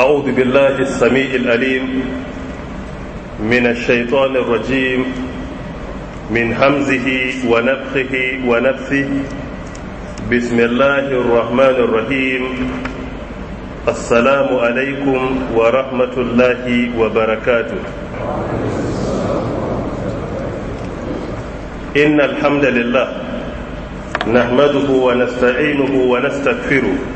أعوذ بالله السميع الأليم من الشيطان الرجيم من همزه ونفخه ونفثه بسم الله الرحمن الرحيم السلام عليكم ورحمة الله وبركاته إن الحمد لله نحمده ونستعينه ونستغفره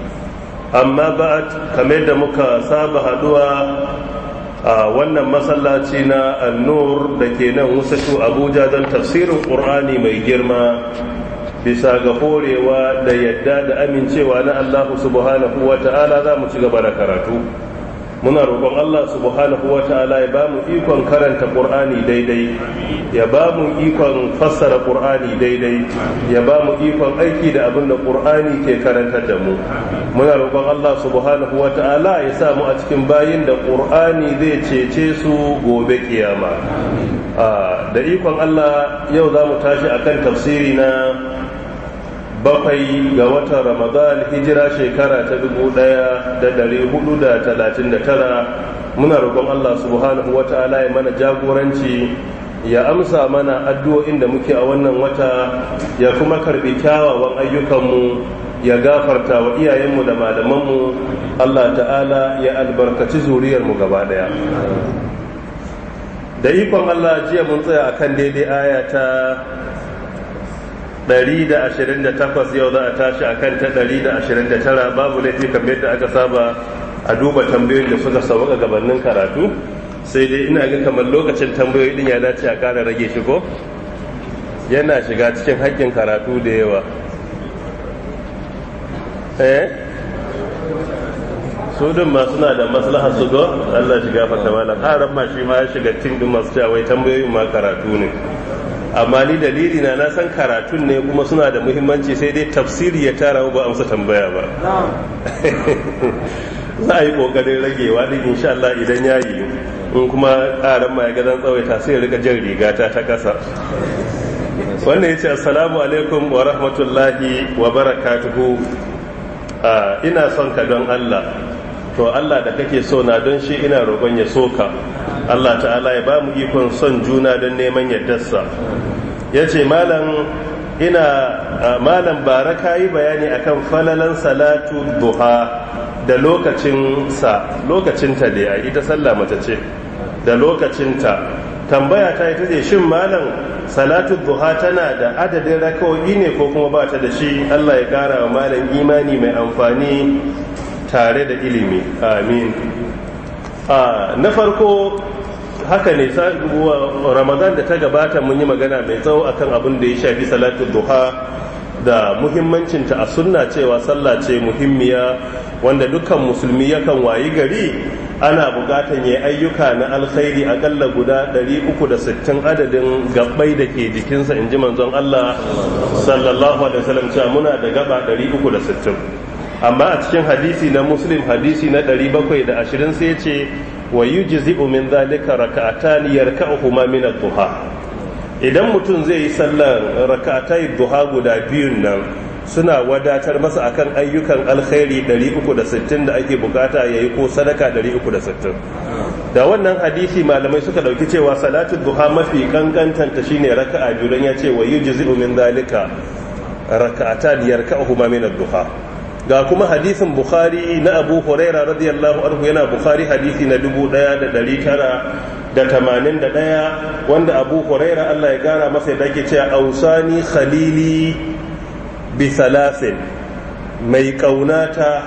amma a kamar da muka saba haduwa a wannan masallaci na annur da ke nan wusashu abuja don tafsirin ƙur'ani mai girma bisa ga horewa da yadda da amincewa na allahu subhanahu wa ta'ala za mu ci gaba da karatu muna roƙon Allah subhanahu wa ta'ala ya ba mu ikon karanta ƙur'ani daidai ya ba mu ikon fassara ƙur'ani daidai ya ba mu ikon aiki da abin da Qur'ani ke karantar da mu muna roƙon Allah subhanahu wa ta'ala ya sa mu a cikin bayin da ƙur'ani zai cece su gobe kiyama ah, da ikon Allah yau za mu tashi akan tafsiri na bakwai ga watan ramadan hijira shekara ta dubu ɗaya da ɗari hudu da talatin da tara muna roƙon allah subhanahu wa ta'ala ya mana jagoranci ya amsa mana addu'o'in da muke a wannan wata ya kuma karbi kyawawan ayyukanmu ya gafarta wa iyayenmu da malamanmu allah ta'ala ya albarkaci zuriyarmu gaba ɗaya da ikon allah jiya mun tsaya akan daidai aya 128 yau za a tashi a kan ta 129 babu laifi kamar yadda aka saba a duba tambayoyin da suka sauka gabanin karatu sai dai ina ga kamar lokacin tambayoyi din ya dace a kara rage shi ko yana shiga cikin haƙƙin karatu da yawa eh su din ma suna da maslaha su ga Allah shiga fata malam haram ma shi ma ya shiga cikin masu cewa wai tambayoyin ma karatu ne amma ni dalili na na san karatun ne kuma suna da muhimmanci sai dai tafsiri ya tara ba amsa tambaya ba za a yi kokarin ragewa din insha Allah idan ya yi in kuma ƙaran ma ya ga zan tsawaita sai rika jan riga ta ƙasa wannan ya ce assalamu alaikum wa rahmatullahi wa barakatuhu ah, ina son ka don Allah to Allah da kake so na don shi ina roƙon ya soka Allah ta'ala ya ba mu ikon son juna don neman yaddarsa ya ce malam ina malam bara ka yi bayani akan falalan salatu duha da lokacinsa lokacinta da ya ita sallah mace ce da lokacinta tambaya ta ce shin malam salatu duha tana da adadin rakawai ne ko kuma ba ta da shi Allah ya kara wa malam imani mai amfani tare da ilimi amin na farko haka ne ramadan da ta gabata mun yi magana mai tsawo akan abin da ya shafi salatu duha da muhimmancinta a sunna cewa sallah ce muhimmiya wanda dukkan musulmi yakan wayi gari ana bukatan ya ayyuka na alkhairi akalla guda 360 adadin gabbai da ke jikinsa in ji manzon Allah sallallahu alaihi wasallam cewa muna da gaba 360 amma a cikin hadisi na muslim hadisi na 720 sai ce wa jizi umin zalika raka'atan yarka'uhuma min ad-duha idan mutum zai yi sallar raka'atai duha guda biyun nan suna wadatar masa akan ayyukan alkhairi 360 da ake bukata yi ko sadaka 360 da wannan hadisi malamai suka dauki cewa salatu duha mafi kankantanta shine raka'a biyu don ya ce wa jizi umin zalika raka'atan yarka'uhuma ka'a ad-duha ga kuma hadisin bukhari na abu huraira radiyallahu anhu yana bukhari hadisi na dubu da da tara tamanin ɗaya, wanda abu huraira allah ya gara masa da ke cewa ausani khalili bi salasin mai kaunata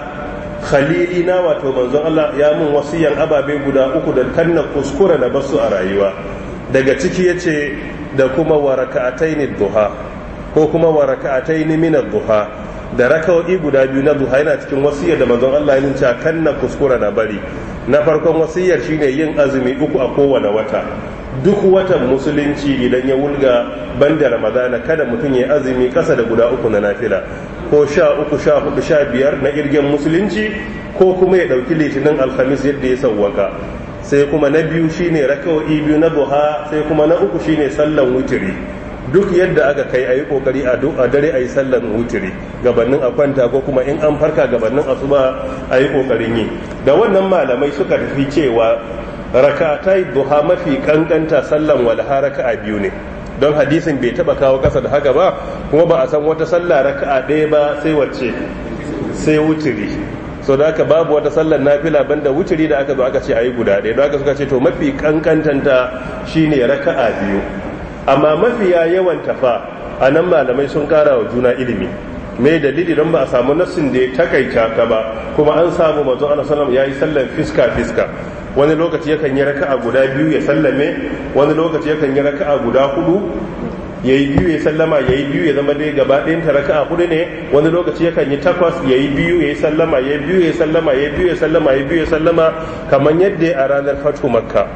khalili na wato manzon allah ya mun wasiyan ababe guda uku da kanna kuskura da basu a rayuwa daga ciki ya ce da kuma waraka'atai duha ko kuma waraka'atai min duha da rakawa'i guda biyu na duha yana cikin wasiyar da manzon Allah yin cewa kan kuskura na bari na farkon wasiyar shine yin azumi uku a kowane wata duk watan musulunci idan ya wulga banda ramadana kada mutum ya azumi kasa da guda uku na nafila ko sha uku sha hudu sha biyar na irgen musulunci ko kuma ya ɗauki litinin alhamis yadda ya sauwaka sai kuma na biyu shine rakawa'i biyu na duha sai kuma na uku shine sallan wutiri duk yadda aka kai ayi yi kokari a dare a yi sallar wutiri gabanin a kwanta ko kuma in an farka gabanin asuba a yi kokarin yi da wannan malamai suka tafi cewa rakatai duha mafi kankanta sallan walha raka'a biyu ne don hadisin bai taba kawo kasa da haka ba kuma ba a san wata sallah raka'a ɗaya ba sai wacce sai wutiri so da aka babu wata sallar nafila banda wutiri da aka zo aka ce a yi guda ɗaya Da aka suka ce to mafi kankantanta shine raka'a biyu amma mafiya yawan tafa a nan malamai sun kara wa juna ilimi me dalili don ba a samu nassin da ya takaita ta ba kuma an samu mazu ana sallam ya yi sallan fiska fiska wani lokaci yakan yi raka'a guda biyu ya sallame wani lokaci yakan yi raka'a guda hudu ya yi biyu ya sallama ya yi biyu ya zama dai gaba ɗayan ta raka'a hudu ne wani lokaci yakan yi takwas ya yi biyu ya yi sallama ya yi biyu ya sallama ya yi biyu ya sallama ya yi biyu ya sallama kamar yadda a ranar fatu makka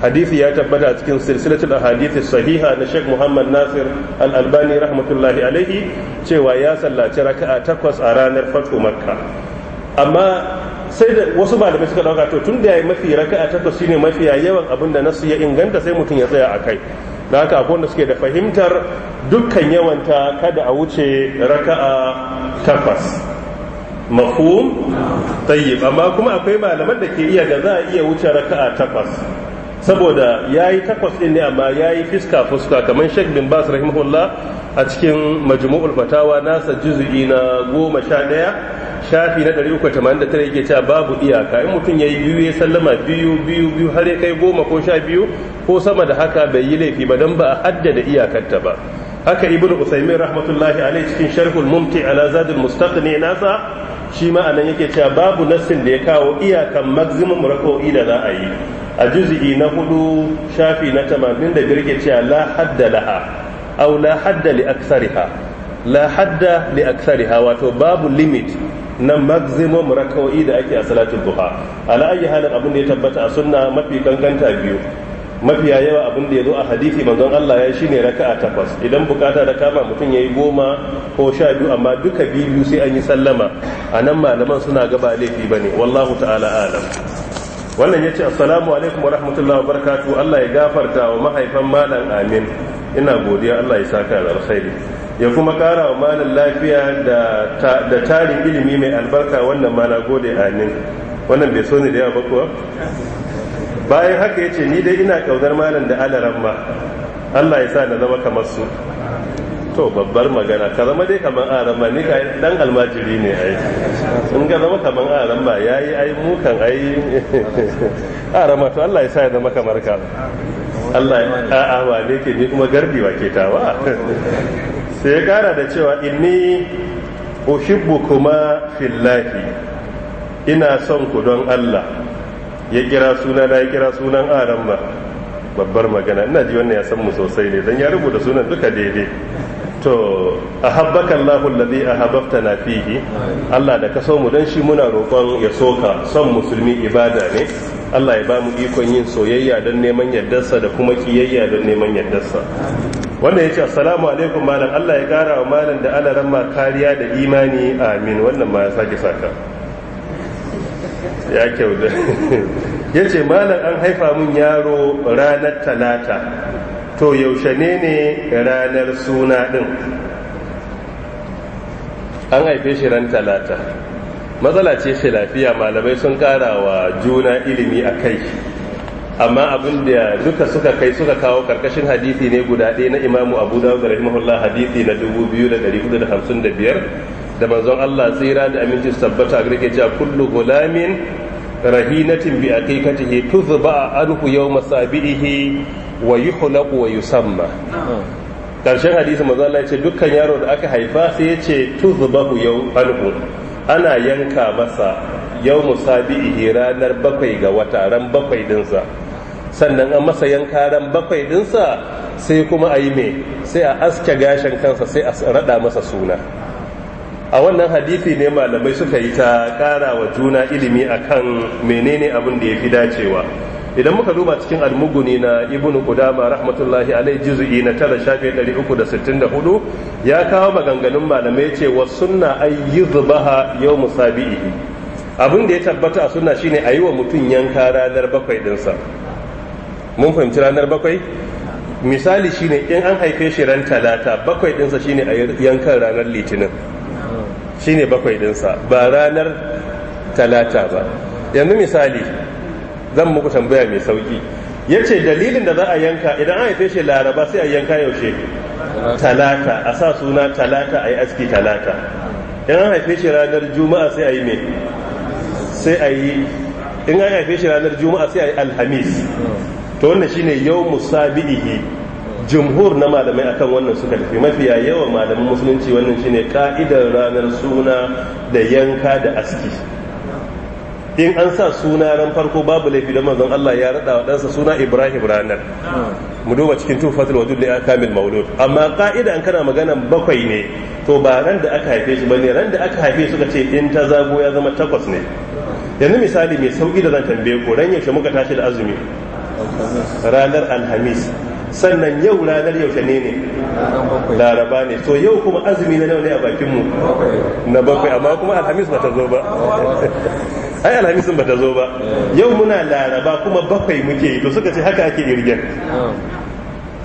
hadisi ya tabbata a cikin silsilatul ahadith sahiha na Sheikh Muhammad Nasir Al-Albani rahmatullahi alaihi cewa ya sallaci raka'a takwas a ranar fatu Makka amma sai da wasu malamai suka dauka to tun da yayi mafi raka'a takwas shine mafi yawan abin da nasu ya inganta sai mutum ya tsaya akai da haka akwai wanda suke da fahimtar dukkan yawanta kada a wuce raka'a takwas mafhum tayyib amma kuma akwai malaman da ke iya ga za a iya wuce raka'a takwas saboda ya yi takwas ɗin ne amma ya yi fiska fuska kamar sheikh bin bas rahimahullah a cikin majmu'ul fatawa nasa juzu'i na goma sha ɗaya shafi na ɗari uku 389 yake cewa babu iyaka in mutum ya yi biyu ya sallama biyu biyu biyu har ya kai goma ko sha biyu ko sama da haka bai yi laifi ba don ba a haddada iyakarta ba haka ibn usaimin rahmatullahi alai cikin sharhul mumti ala zadul mustaqni nasa shi ma anan yake cewa babu nassin da ya kawo iyakan maximum rako'i da za a yi a juz'i na hudu shafi na da birke cewa la hadda laha aw la hadda li aktsariha la hadda li aktsariha wato babu limit na maximum raka'o'i da ake a salatul duha ala ayi halin abin da ya tabbata a sunna mafi kankanta biyu mafi yawa abin da ya zo a hadisi manzon Allah ya shine raka'a takwas idan bukata da kama mutum yayi goma ko sha biyu amma duka biyu sai an yi sallama anan malaman suna gaba laifi bane wallahu ta'ala alam wannan ya ce assalamu alaikum wa rahmatullahi wa barakatu Allah ya gafarta wa mahaifan malam amin ina godiya Allah ya saka da alkhairi ya kuma kara wa malam lafiya da tarin ilimi mai albarka wannan ma na gode amin wannan bai so ne da yawa ba kuwa bayan haka ya ce ni dai ina kaunar malam da alaramma Allah ya sa na zama kamar su to babbar magana ka zama dai kaman aran ni ka dan almajiri ne ai in ga zama kaman aran ma yayi ai mu kan ai aran ma to Allah ya sa ya zama kamar ka Allah ya a'a ba ne ke ni kuma garbi wa ke tawa sai ya kara da cewa inni uhibbu kuma fillahi ina son ku don Allah ya kira suna da ya kira sunan aran ba babbar magana ina ji wannan ya san mu sosai ne dan ya rubuta sunan duka daidai to a ahabbaka Allahu alladhi na fihi Allah da ka so mu dan shi muna roƙon ya soka son musulmi ibada ne Allah ya ba mu ikon yin soyayya don neman yardarsa da kuma kiyayya don neman yardarsa wanda ya ce assalamu alaikum malam Allah ya kara wa malam da ana ramma kariya da imani amin wannan ma ya sake saka ya kyau da ya ce malam an haifa mun yaro ranar talata to yaushe ne ne ranar suna ɗin an haife shi ran talata matsala ce lafiya malamai sun ƙara wa juna ilimi a kai amma abin da duka suka kai suka kawo karkashin hadithi ne guda ɗaya na imamu abu da dawud rahimahullah hadithi na 2455 da manzon Allah tsira da aminci tabbata ga rike cewa kullu gulamin rahinatin bi ba a anhu yau masabi'ihi wa hulaku wa samma karshen hadisi mazala ce dukkan yaro da aka haifa sai ya ce tuzbahu yau alhu ana yanka masa yau ihe ranar bakwai ga wata ran bakwai dinsa sannan an masa yanka ran bakwai dinsa sai kuma a yi me sai a aske gashin kansa sai a rada masa suna a wannan hadisi ne malamai suka yi ta ƙara wa juna ilimi akan menene abin da ya fi dacewa idan muka duba cikin almuguni na ibnu qudama rahmatullahi alaihi juz'i na 9 shafi 364 ya kawo maganganun malamai ce wa sunna ay yuzbaha yawm sabihi abin da ya tabbata a sunna shine ayi wa mutun yanka ranar bakwai dinsa mun fahimci ranar bakwai misali shine in an haife shi ran talata bakwai dinsa shine a yankan ranar litinin shine bakwai dinsa ba ranar talata ba yanzu misali zan muku tambaya mai sauki ya ce dalilin da za a yanka idan an haife shi laraba sai a yanka yaushe talata a sa suna talata a yi aski talata in an haife shi ranar juma'a sai a yi mai sai a yi in an haife shi ranar juma'a sai a yi alhamis to wannan shine yau musabihi jumhur na malamai akan wannan suka tafi mafiya yawan malaman musulunci wannan shine ka'idar ranar suna da yanka da aski in an sa suna ran farko babu laifi da manzon Allah ya rada wa sa suna Ibrahim ranar mu duba cikin tufatul wajud li kamil maulud amma ka'ida an kana magana bakwai ne to ba ran da aka haife shi bane ran da aka haife suka ce in ta zago ya zama takwas ne yanzu misali mai sauki da zan tambaye ku ran yaushe muka tashi da azumi ranar alhamis sannan yau ranar yaushe ne ne laraba ne so yau kuma azumi na nawa ne a bakinmu na bakwai amma kuma alhamis ba ta zo ba ai alhamisin bata zo ba eh. yau muna laraba kuma bakwai muke yi to suka ce haka ake irgen oh.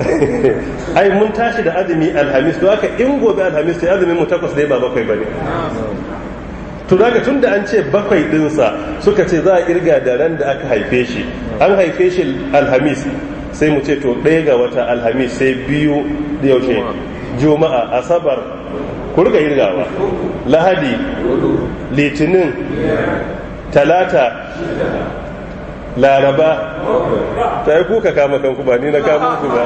ai mun tashi da azumi alhamis to haka in gobe alhamis sai azumin mu takwas dai ba bakwai bane oh. to daga tun da an ce bakwai sa suka ce za a irga da ran da aka haife shi an haife shi alhamis sai mu ce to ɗaya ga wata alhamis sai biyu yaushe juma'a asabar ku riga irgawa lahadi litinin talata laraba ta yi kuka kama kanku ba ni na kama ku ba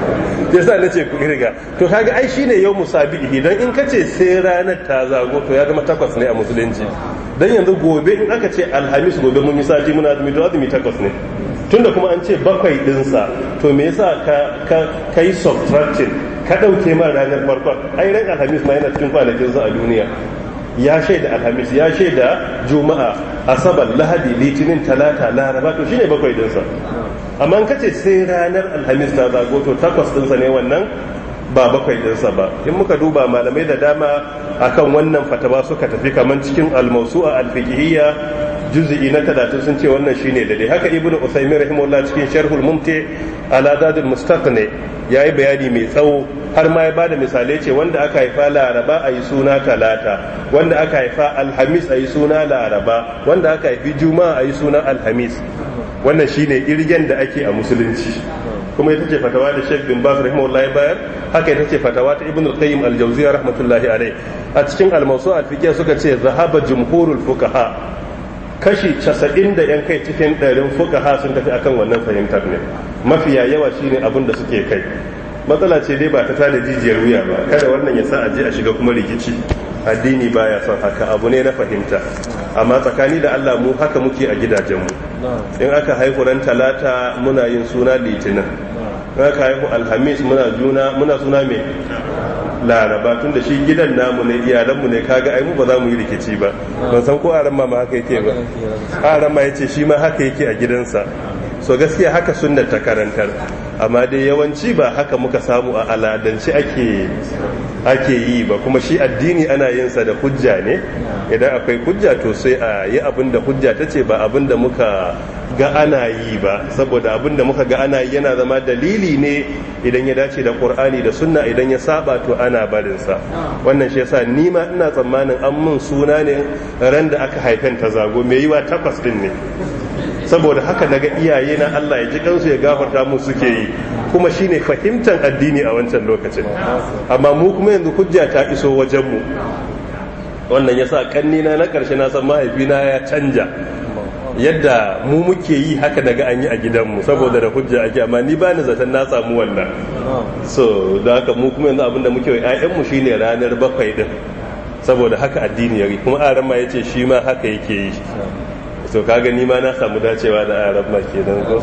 ya sa na ce ku riga to kaga ai shine yau musabi idan in ka ce sai ranar ta zago to ya zama takwas ne a musulunci don yanzu gobe in aka ce alhamis gobe mun yi sati muna azumi azumi takwas ne tunda kuma an ce bakwai dinsa to me yasa ka ka kai subtracting ka ɗauke ma ranar farkon ai ran alhamis ma yana cikin kwanakin za a duniya ya shaida alhamis ya shaida juma'a asabar lahadi litinin talata laraba to shine bakwai dinsa amma kace sai ranar alhamis ta zago to takwas dinsa ne wannan ba bakwai dinsa ba in muka duba malamai da dama akan wannan fatawa suka tafi kaman cikin almausu'a alfiqhiyya juz'i na 30 sun ce wannan shine da dai haka ibnu usaymin rahimahullah cikin sharhul mumti ala dadul mustaqni yayi bayani mai tsawo har ma ya bada misalai ce wanda aka haifa laraba a yi suna talata wanda aka haifa alhamis a yi suna laraba wanda aka haifi juma'a a yi suna alhamis wannan shine irgen da ake a musulunci kuma ita ce fatawa da Sheikh bin Baz rahimahullahi bayar haka ita ce fatawa ta Ibn al-Qayyim al-Jawziyya rahmatullahi alayh a cikin al-Mawsu' al suka ce zahaba jumhurul fuqaha kashi casa'in da yan kai cikin ɗarin ha sun tafi akan wannan fahimtar ne mafiya yawa shine abin da suke kai matsala ce dai ba ta tada jijiyar wuya ba kada wannan ya sa a je a shiga kuma rikici addini ba ya son haka abu ne na fahimta amma tsakani da Allah mu haka muke a gidajenmu in aka haihu ran talata muna yin suna litinin in aka haihu alhamis muna juna muna suna mai laraba tun da shi gidan namu ne iyalanmu ne kaga ai mu ba za mu yi rikici ba ban san ko aran ma haka yake ba aran ma yace shi ma haka yake a gidansa so gaskiya haka sunnar ta karantar amma dai yawanci ba haka muka samu a aladance ake yi ba kuma shi addini ana yin sa da hujja ne idan akwai hujja to sai a yi abin da hujja ta ce ba abin da muka ga ana yi ba saboda abin da muka ga ana yi yana zama dalili ne idan ya dace da qur'ani da sunna idan ya saba to ana barin sa wannan shi yasa ni ma ina tsammanin an mun suna ne ran da aka haifen ta zago yi yiwa takwas din ne saboda haka daga iyaye na Allah ya ji kansu ya gafarta mu suke yi kuma shine fahimtar addini a wancan lokacin amma mu kuma yanzu hujja ta iso wajen mu wannan yasa kanni na karshe na san mahaifina ya canja yadda mu muke yi haka daga an yi a gidanmu saboda da hujja ake amma ni ba ni zaton na samu wannan so da haka mu kuma yanzu abinda muke yi mu shine ranar bakwai din saboda haka addini yari kuma aran ma ce shi ma haka yake yi to kaga ni ma na samu dacewa da arabba kenan ko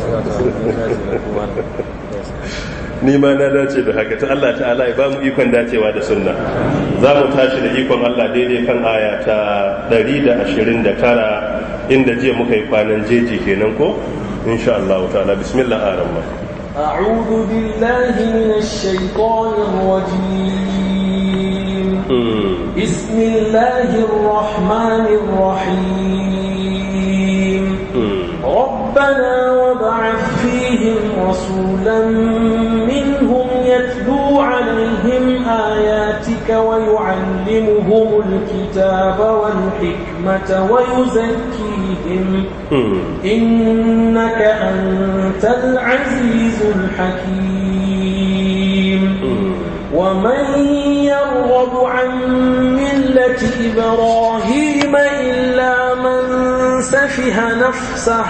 ni ma na dace da haka ta Allah ta'ala ya ba mu ikon dacewa da sunna za mu tashi da ikon Allah daidai kan aya ta 129 inda jiya muka yi kwanan jeji kenan ko insha Allah ta'ala bismillah arama a'udhu billahi minash shaitanir rajim hmm. bismillahir rahmanir rahim ربنا وابعث فيهم رسولا منهم يتلو عليهم آياتك ويعلمهم الكتاب والحكمة ويزكيهم hmm. إنك أنت العزيز الحكيم hmm. ومن يرغب عن ملة إبراهيم إلا من سفه نفسه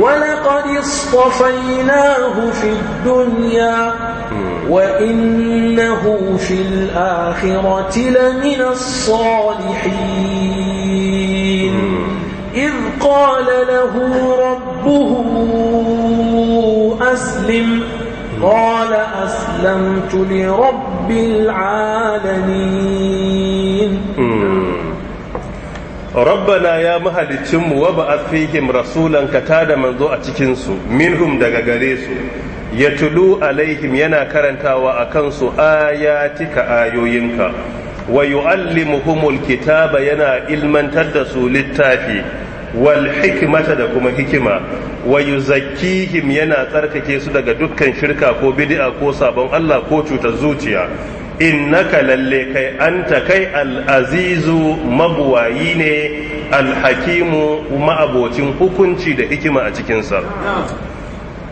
ولقد اصطفيناه في الدنيا وإنه في الآخرة لمن الصالحين إذ قال له ربه أسلم قال أسلمت لرب العالمين rabbana ya mahalicinmu wa ba'ath fihim rasulan ka tada manzo a cikin su minhum daga gare su tulu alaihim yana karantawa a kansu ayatika ayoyinka wa yu'allimuhumul kitaba yana ilmantar da su littafi wal da kuma hikima wa yuzakkihim yana tsarkake su daga dukkan shirka ko bidi'a ko sabon Allah ko cutar zuciya innaka lalle kai anta kai al'azizu mabuwayi ne alhakimu ma'abocin hukunci da hikima a cikinsa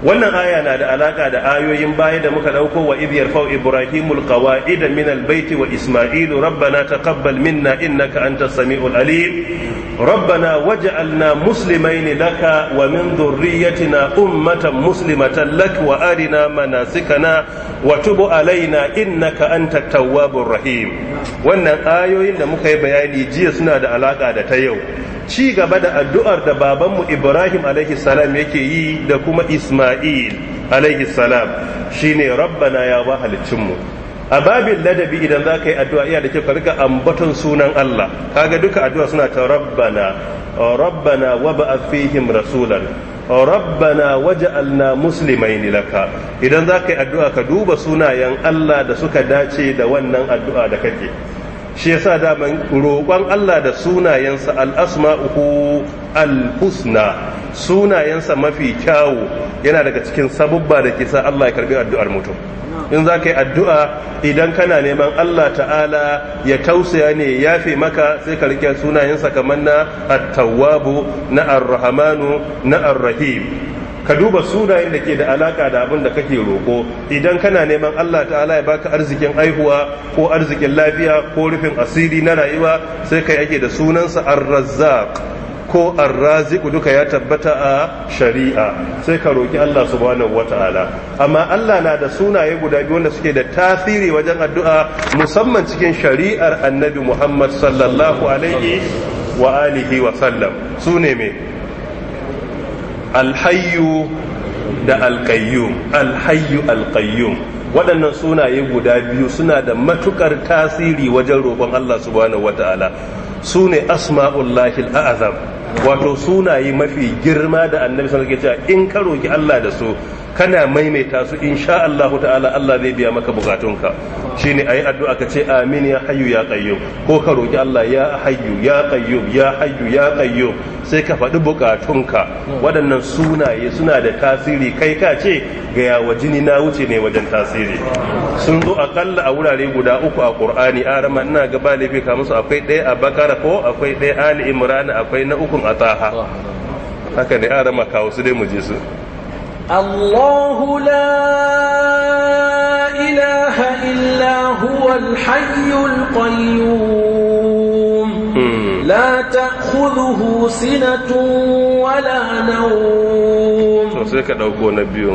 wannan aya na da alaka da ayoyin baya da muka dauko wa idh yarfau ibrahimul qawaida min albayt wa isma'ilu rabbana taqabbal minna innaka antas samiul alim rabbana waj'alna muslimain laka wa min dhurriyyatina ummatan muslimatan lak wa arina manasikana wa tub alaina innaka antat tawwabur rahim wannan ayoyin da muka yi bayani jiya suna da alaka da ta yau ci gaba da addu'ar da babanmu Ibrahim alaihi yake yi da kuma Ismail alaihi shi shine rabbana ya ba halicinmu a babin ladabi idan za ka yi addu'a iya da kyau ka riga ambaton sunan Allah kaga duka addu'a suna ta rabbana rabbana wa ba'a fihim rasulan rabbana musulmai ne laka idan za ka yi addu'a ka duba sunayen Allah da suka dace da wannan addu'a da kake shi ya sa daman roƙon Allah da sunayensa al'asma al alusna sunayensa mafi kyawu yana daga cikin sabubba da ke sa Allah ya karɓi addu'ar mutum in za ka yi addu'a idan kana neman Allah ta'ala ya tausaya ne ya fi maka sai ka rike sunayensa kamar na at na ar na arrahim ka duba sunayen da ke da alaka da abin da kake roko idan kana neman Allah ta'ala ya baka arzikin aihuwa ko arzikin lafiya ko rufin asiri na rayuwa sai ka ake da sunansa ar-razzaq ko arraziku duka ya tabbata a shari'a sai ka roki Allah subhanahu wata'ala amma Allah na da sunaye guda biyu wanda suke da tasiri wajen addu'a musamman cikin shari'ar Annabi Muhammad sallallahu alaihi wa alihi wa sallam sune me alhayyu da alkayyum alhayyu alkayyum waɗannan sunaye guda biyu suna da matukar tasiri wajen roƙon Allah subhanahu ta'ala su ne asma'ullahil a'azam wato sunaye mafi girma da annabi sallallahu alaihi cewa in ka roki Allah da su kana maimaita su sha Allah ta'ala Allah zai biya maka bukatunka shine ayi addu'a ka ce amin ya hayyu ya qayyum ko ka roki Allah ya hayyu ya qayyum ya hayyu ya qayyum sai ka faɗi bukatunka waɗannan sunaye suna da tasiri kai ka ce ga yawa jini na wuce ne wajen tasiri sun zo akalla a wurare guda uku a Qur'ani arama ina ga ba laifi ka musu akwai ɗaya a Bakara ko akwai ɗaya Ali Imran akwai na uku ataha haka ne adam ma kawo su dai mu je su Allahu la ilaha illa huwa al-hayyul qayyum la ta'khudhuhu sinatun wa la nawm to sai ka dauko na biyu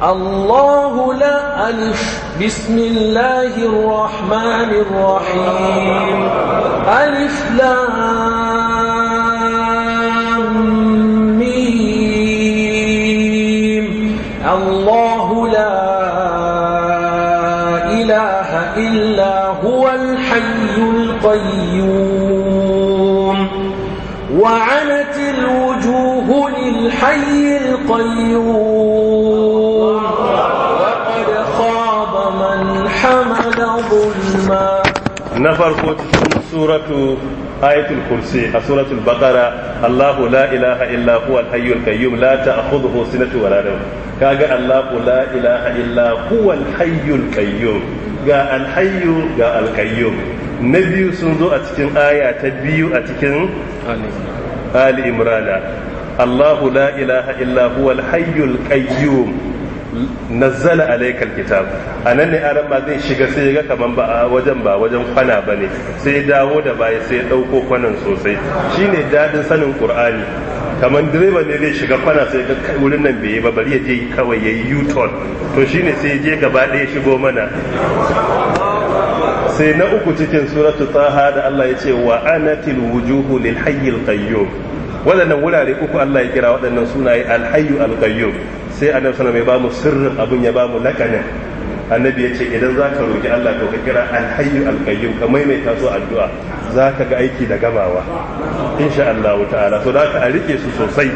الله لا ألف بسم الله الرحمن الرحيم ألف لام القيوم وعنت الوجوه للحي القيوم وقد خاب من حمل ظلما نفر سورة آية الكرسي سورة البقرة الله لا إله إلا هو الحي القيوم لا تأخذه سنة ولا نوم كاجا الله لا إله إلا هو الحي القيوم جاء الحي جاء القيوم na biyu sun zo a cikin aya ta biyu a cikin ali imrana allahu la ilaha illa huwa alhayyul qayyum nazzala alayka alkitab anan ne aran ba zai shiga sai ya ga kaman ba a wajen ba wajen kwana bane sai ya dawo da baya sai ya dauko kwanan sosai shine dadin sanin qur'ani kaman direba ne zai shiga kwana sai ga wurin nan bai yi ba bari ya je kawai ya yi u-turn to shine sai ya je gaba ɗaya shigo mana sai na uku cikin suratu taha da Allah ya ce wa anatil wujuhu lil hayyil qayyum Wadannan wurare uku Allah ya kira waɗannan sunaye al hayyu al qayyum sai annabi sallallahu alaihi wasallam ya bamu sirrin abun ya bamu lakanin annabi ya ce idan za ka roƙi Allah to ka kira al qayyum ka maimaita su addu'a za ka ga aiki da gamawa insha Allah ta'ala so da ka a rike su sosai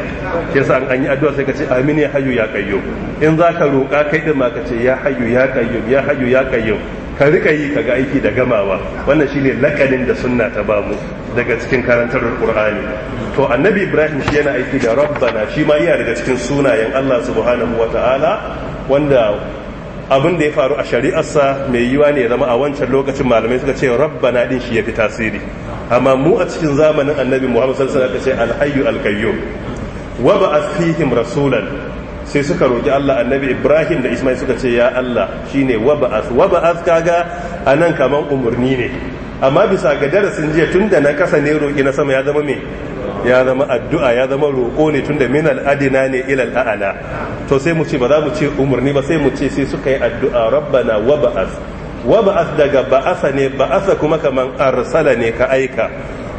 ke sa an yi addu'a sai ka ce amin ya hayyu ya qayyum in za ka kai din ma ka ce ya hayyu ya qayyum ya hayyu ya qayyum ka rika yi ga aiki da gamawa wannan shine lakanin da sunna ta bamu daga cikin karantar qur'ani to annabi ibrahim shi yana aiki da rabbana shi ma iya daga cikin sunayen allah subhanahu wataala wanda abin da ya faru a shari'arsa mai yiwa ne ya zama a wancan lokacin malamai suka ce rabbana din shi ya fi tasiri amma mu a cikin zamanin annabi muhammad sallallahu alaihi wasallam ce alhayyu alkayyum wa ba'ath fihim rasulan sai suka roki Allah annabi Ibrahim da Ismail suka ce ya Allah shine waba'as waba'as kaga anan kaman umurni ne amma bisa ga darasin jiya tunda na kasa ne roƙi na sama ya zama me ya zama addu'a ya zama roƙo ne tunda min al'adina ne ilal ala. to sai mu ce ba za mu ce umarni ba sai mu ce sai suka yi addu'a rabbana wa waba'as daga ba'asa ne ba'asa kuma kaman arsala ne ka aika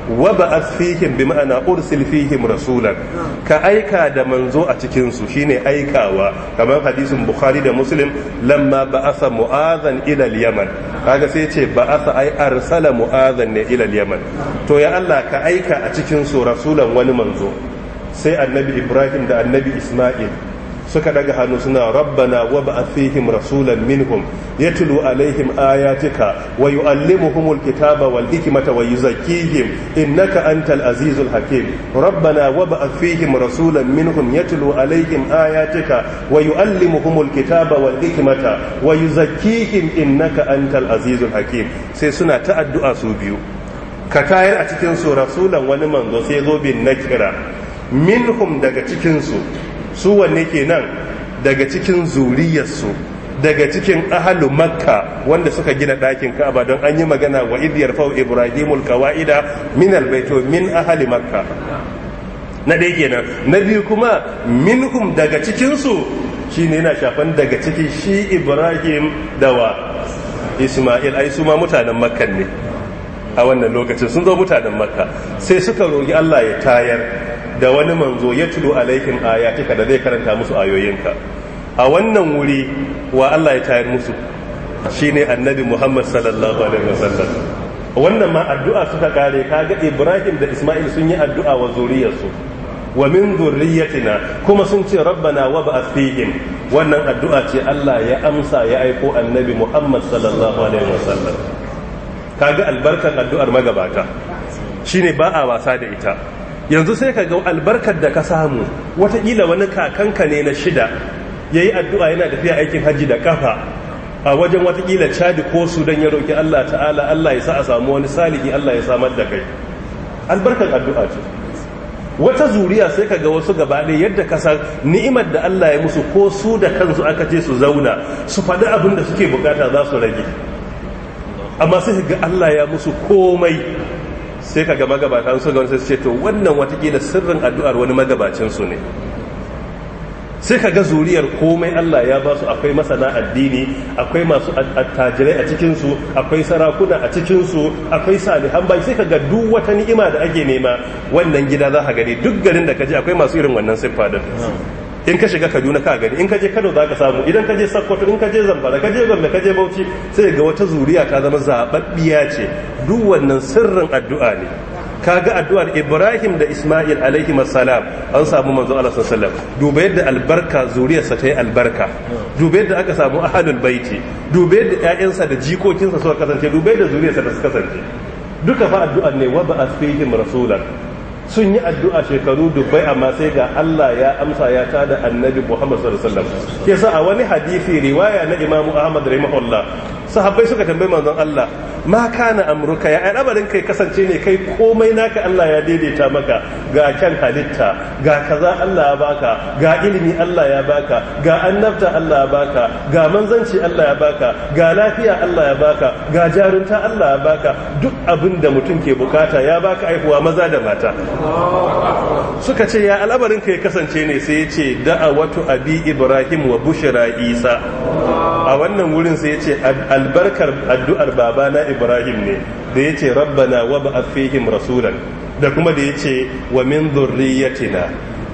wa ba'ath fihim bi ma'ana ursil fihim rasulan ka aika da manzo a cikin su shine aikawa kamar hadisin bukhari da muslim lamma ba'atha mu'azan ila al-yaman kaga sai ce ba'atha ai arsala mu'adhan ne ila al-yaman to ya Allah ka aika a cikin su rasulan wani manzo sai annabi ibrahim da annabi isma'il suka daga hannu suna rabbana wa ba'athihim rasulan minhum yatlu alaihim ayatika wa yuallimuhumul kitaba wal hikmata wa yuzakkihim innaka antal azizul hakim rabbana wa ba'athihim rasulan minhum yatlu alaihim ayatika wa yuallimuhumul kitaba wal hikmata wa yuzakkihim innaka antal azizul hakim sai suna ta addu'a su biyu ka tayar a cikin su rasulan wani manzo sai zo bin nakira minhum daga cikin su su wanne ke nan daga cikin zuriyarsu daga cikin ahalu makka wanda suka gina ɗakin ka'aba don an yi magana wa idiyar fau ibrahimul kawa'ida min albaito min ahali makka na ɗaya kenan na biyu kuma minhum daga cikinsu shi ne yana shafan daga ciki shi ibrahim da wa. isma'il ai su ma mutanen Makka ne a wannan lokacin sun zo mutanen makka sai suka rogi allah ya tayar da wani manzo ya tudu alaikin ayatika da zai karanta musu ayoyinka a wannan wuri wa Allah ya tayar musu shine annabi Muhammad sallallahu alaihi wasallam wannan ma addu'a suka kare kaga Ibrahim da Isma'il sun yi addu'a wa zuriyarsu wa min zurriyatina kuma sun ce rabbana wa ba'ath fihim wannan addu'a ce Allah ya amsa ya aiko annabi Muhammad sallallahu alaihi wasallam kaga albarkan addu'ar magabata shine ba a wasa da ita yanzu sai ka ga albarkar da ka samu wataƙila wani kakanka ne na shida ya yi addu'a yana tafiya aikin hajji da kafa a wajen wataƙila cadi ko sudan ya roƙi allah ta'ala allah ya sa a samu wani salihi allah ya samar da kai albarkar addu'a ce wata zuriya sai ka ga wasu gaba yadda ka san ni'imar da allah ya musu ko su da kansu aka ce su zauna su faɗi abin da suke bukata za su rage amma sai ga allah ya musu komai sai kaga magabata su ga wani sai ce to wannan watakila sirrin addu'ar wani magabacin su ne sai ka ga zuriyar komai Allah ya ba su akwai masana addini akwai masu attajirai a cikinsu akwai sarakuna a cikin su akwai salihan bai sai kaga duk wata ni'ima da ake nema wannan gida za ka gani duk garin da kaje akwai masu irin wannan siffa su in ka shiga kaduna ka gani in ka je kano za ka samu idan ka je sakkwato in ka je zamfara ka je gombe ka je bauchi sai ga wata zuriya ta zama zaɓaɓɓiya ce duk wannan sirrin addu'a ne Ka kaga addu'ar Ibrahim da Ismail alaihi salam an samu manzo Allah sallallahu alaihi duba yadda albarka zuriyarsa ta yi albarka duba yadda aka samu ahalul baiti duba yadda ƴaƴansa da jikokinsa suka kasance duba yadda zuriyarsa ta kasance duka fa addu'ar ne wa ba'ath fihim rasulan sun yi addu'a shekaru dubbai amma sai ga Allah ya amsa ya ta da annabi Muhammad sallallahu alaihi wasallam ke sa a wani hadisi riwaya na Imam Ahmad rahimahullah sahabbai suka tambayi manzon Allah ma kana amruka ya al'abarin kai kasance ne kai komai naka Allah ya daidaita maka ga kyan halitta ga kaza Allah ya baka ga ilimi Allah ya baka ga annabta Allah ya baka ga manzanci Allah ya baka ga lafiya Allah ya baka ga jarunta Allah ya baka duk abin da mutum ke bukata ya baka aihuwa maza da mata suka ce ya al'abarin kai kasance ne sai ya ce da'awatu abi ibrahim wa bushra isa a wannan wurin sai ya ce albarkar addu'ar babana ibrahim ne da ya ce rabbana wa ba rasulan da kuma da ya ce wa min zurriyatina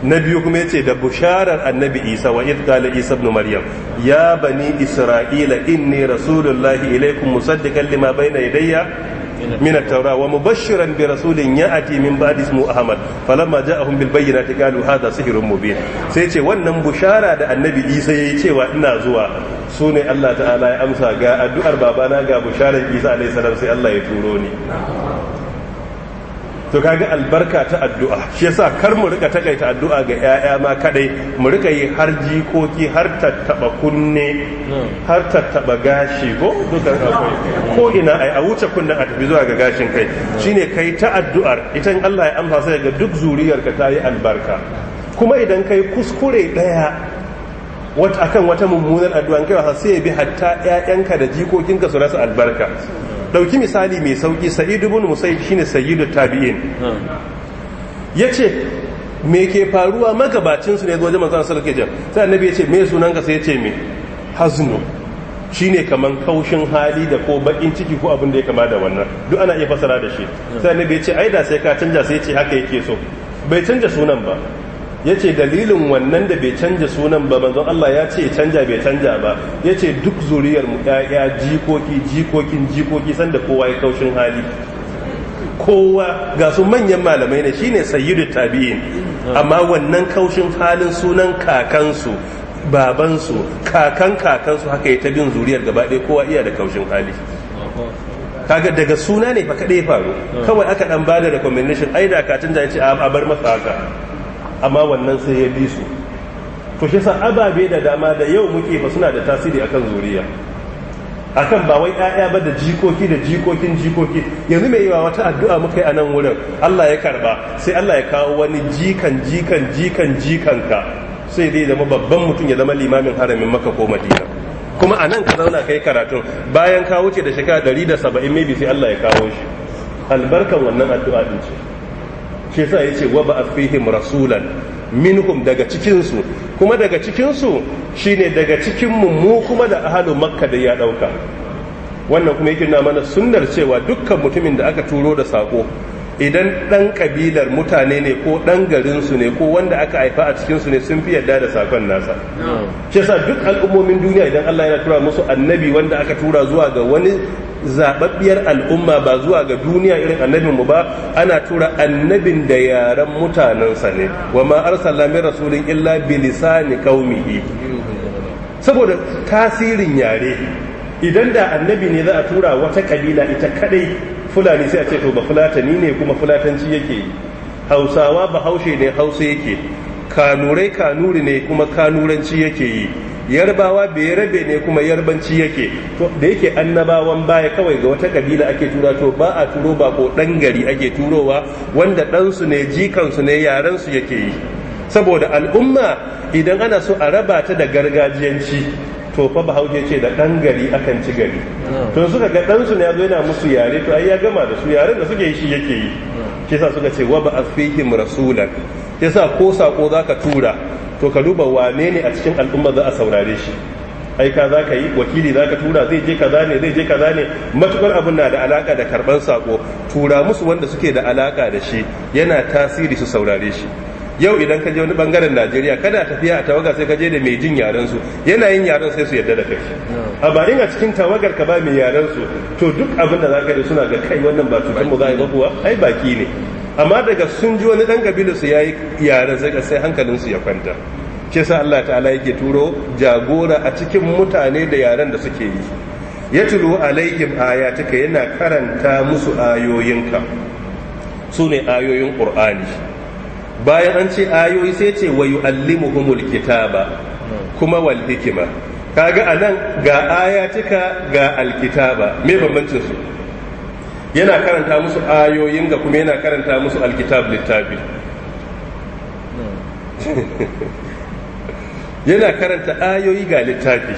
na biyu kuma ya ce da busharar annabi isa wa idkala isa ibn maryam ya bani isra'ila inni rasulullahi ilaikum musaddiqan lima bayna yadayya من التوراة ومبشرا برسول يأتي من بعد اسمه أحمد فلما جاءهم بالبينات قالوا هذا سحر مبين سيتي wannan bushara da annabi Isa yayi cewa ina zuwa su ne Allah ta'ala ya amsa ga addu'ar babana ga bisharar Isa alaihi salam sai Allah ya turo ni to kaga albarka ta addu'a shi yasa kar mu rika takaita addu'a ga yaya ma kadai mu rika yi har jikoki har tattaba kunne har tattaba gashi ko dukan akwai ko ina ai a wuce kunnen a tafi zuwa ga gashin kai shine kai ta addu'ar idan Allah ya amsa sai ga duk zuriyarka ta yi albarka kuma idan kai kuskure ɗaya. akan wata mummunar addu'an kai wasa sai ya bi hatta 'ya'yanka da jikokinka su rasa albarka ɗauki misali mai sauki saidu ibn musayyib shine sayyidu tabi'in yace me ke faruwa magabacin su ne zuwa jama'a sallallahu alaihi sai annabi yace me sunanka sai yace me haznu shine kaman kaushin hali da ko bakin ciki ko abin da ya kama da wannan duk ana iya fasara da shi sai annabi yace ai da sai ka canja sai yace haka yake so bai canja sunan ba ya ce dalilin wannan da bai canja sunan ba manzon Allah ya ce canja bai canja ba ya ce duk zuriyar mu ya jikoki jikokin jikoki sanda kowa ya kaushin hali kowa ga su manyan malamai ne shine sayyidu tabi'in amma wannan kaushin halin sunan kakansu babansu kakan kakansu haka ya ta bin zuriyar gaba ɗaya kowa iya da kaushin hali kaga daga suna ne fa kaɗai faru hmm. kawai aka ɗan ba da recommendation ai da katin da ya ce a bar masa haka amma wannan sai ya bi su to shi sa ababe da dama da yau muke ba suna da tasiri akan zuriya akan ba wai ƴaƴa ba da jikoki da jikokin jikoki yanzu mai yawa wata addu'a muka yi a nan wurin Allah ya karba sai Allah ya kawo wani jikan jikan jikan jikan ka sai dai zama babban mutum ya zama limamin haramin maka ko madina kuma a nan ka zauna kai karatu bayan ka wuce da shekara 170 maybe sai Allah ya kawo shi albarkan wannan addu'a din ce shi ya ce wa ba afihim rasulan minhum daga cikinsu kuma daga cikinsu su shine daga cikin mu kuma da ahalu makka da ya ɗauka. wannan kuma yake na mana sunnar cewa dukkan mutumin da aka turo da sako idan ɗan ƙabilar mutane ne ko ɗan garinsu ne ko wanda aka haifa a cikinsu ne sun fi yarda da sakon nasa shi duk al'ummomin duniya idan Allah yana tura musu annabi wanda aka tura zuwa ga wani zababbiyar al'umma ba zuwa ga duniya irin annabin mu ba ana tura annabin da yaren mutanensa ne wa ma arsala min rasulin illa bi lisani qaumihi saboda tasirin yare idan da annabi ne za a tura wata kabila ita kadai fulani sai a ce to ba fulatani ne kuma fulatanci yake yi hausawa bahaushe ne hausa yake kanurai kanuri ne kuma kanuranci yake yi yarbawa bai rabe ne kuma yarbanci yake to da yake annabawan baya kawai ga wata kabila ake tura to ba a turo ba ko dan gari ake turowa wanda ɗansu ne jikansu ne yarensu yake yi saboda al'umma idan ana so a raba ta da gargajiyanci to fa hauke ce da ɗan gari akan ci gari ah. to suka ga ɗansu ne yazo yana musu yare to ai ya gama da su yaren da suke yi shi yake yi kisa ah. suka ce wa ba a rasulan yasa ko sako za ka tura to ka duba wane ne a cikin al'umma za a saurare shi aika za ka yi wakili za ka tura zai je kaza ne zai je kaza ne matukar abin na da alaka da karban sako tura musu wanda suke da alaka da shi yana tasiri su saurare shi yau idan ka je wani bangaren najeriya kana tafiya a tawaga sai ka je da mai jin yaren su yana yin yaren sai su yadda da kai a ba a cikin tawagar ka ba mai yaren su to duk abin da za ka yi suna ga kai wannan ba tutun mu za a yi ba ai baki ne amma daga sun ji wani dan kabilu su yayi yaren zai sai hankalin su ya kwanta ke sa Allah ta'ala yake turo jagora a cikin mutane da yaren da suke yi ya tulu alaihim ayatuka yana karanta musu ayoyinka su ne ayoyin qur'ani bayan an ce ayoyi sai ce wa yu'allimuhumul kitaba kuma wal hikima kaga anan ga ayatuka ga alkitaba me bambancin su yana karanta musu ayoyin ga kuma yana karanta musu alkitab littafi yana karanta ayoyi ga littafi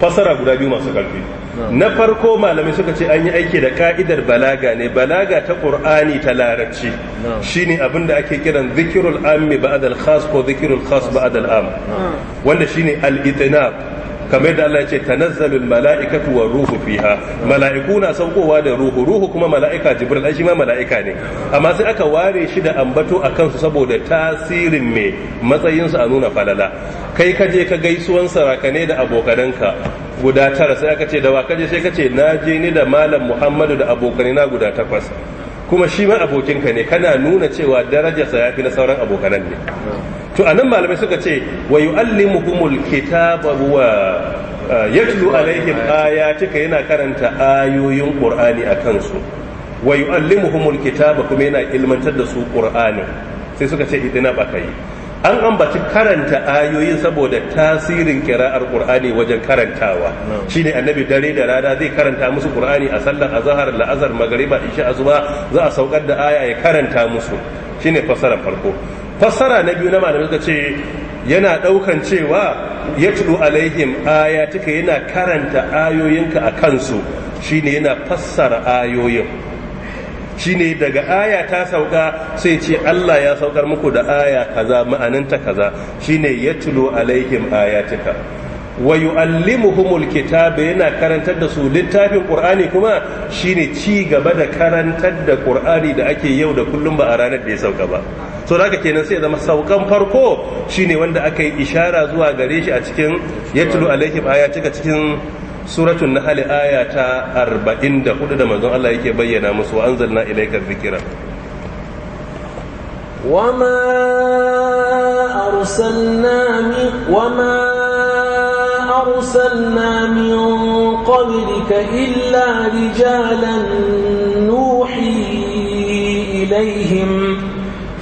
fasara guda biyu masu karfi na farko malamai suka ce an yi aiki da ka'idar balaga ne balaga ta ƙur'ani ta larabci shine abin da ake kiran zikirul ammi ba'adal khas ko zikirul khas ba'adal am wanda shine al-itinab kamar yadda Allah ya ce tanazzalul mala'ikatu war ruhu fiha mala'iku na saukowa da ruhu ruhu kuma mala'ika jibril ai shi ma mala'ika ne amma sai aka ware shi da ambato a kansu saboda tasirin me matsayin su a nuna falala kai ka je ka gaisuwan sarakane da abokananka guda tara sai aka ce da wa je sai ka ce na je ni da malam Muhammadu da na guda takwas kuma shi ma abokinka ne kana nuna cewa darajarsa ya fi na sauran abokanan ne to a nan malamai suka ce wa yu'allimuhumul kitaba wa yatlu alaihim ayatika yana karanta ayoyin qur'ani akan su wa yu'allimuhumul kitaba kuma yana ilmantar da su qur'ani sai suka ce idina bakai an ambaci karanta ayoyin saboda tasirin kira'ar qur'ani wajen karantawa shine annabi dare da rana zai karanta musu qur'ani a sallar azhar la'azar magriba isha azuba za a saukar da aya ya karanta musu shine fasara farko fassara na biyu na malamai suka ce yana daukan cewa ya tudu alaihim ayatuka yana karanta ayoyinka a kansu shine yana fassara ayoyin shine daga aya ta sauka sai ce Allah ya saukar muku da aya kaza ma'aninta kaza shine ya tudu alaihim ayatuka wa yu'allimuhumul kitaba yana karantar da su littafin qur'ani kuma shine ci gaba da karantar da qur'ani da ake yau da kullum ba a ranar da ya sauka ba so da kenan sai zama saukan farko shine wanda aka yi ishara zuwa gare shi a cikin yatlu aya ayatika cikin suratul nahl aya ta 44 da manzon Allah yake bayyana musu anzalna ilayka dhikra wama arsalna min wama أرسلنا من قبلك إلا رجالا نوحي إليهم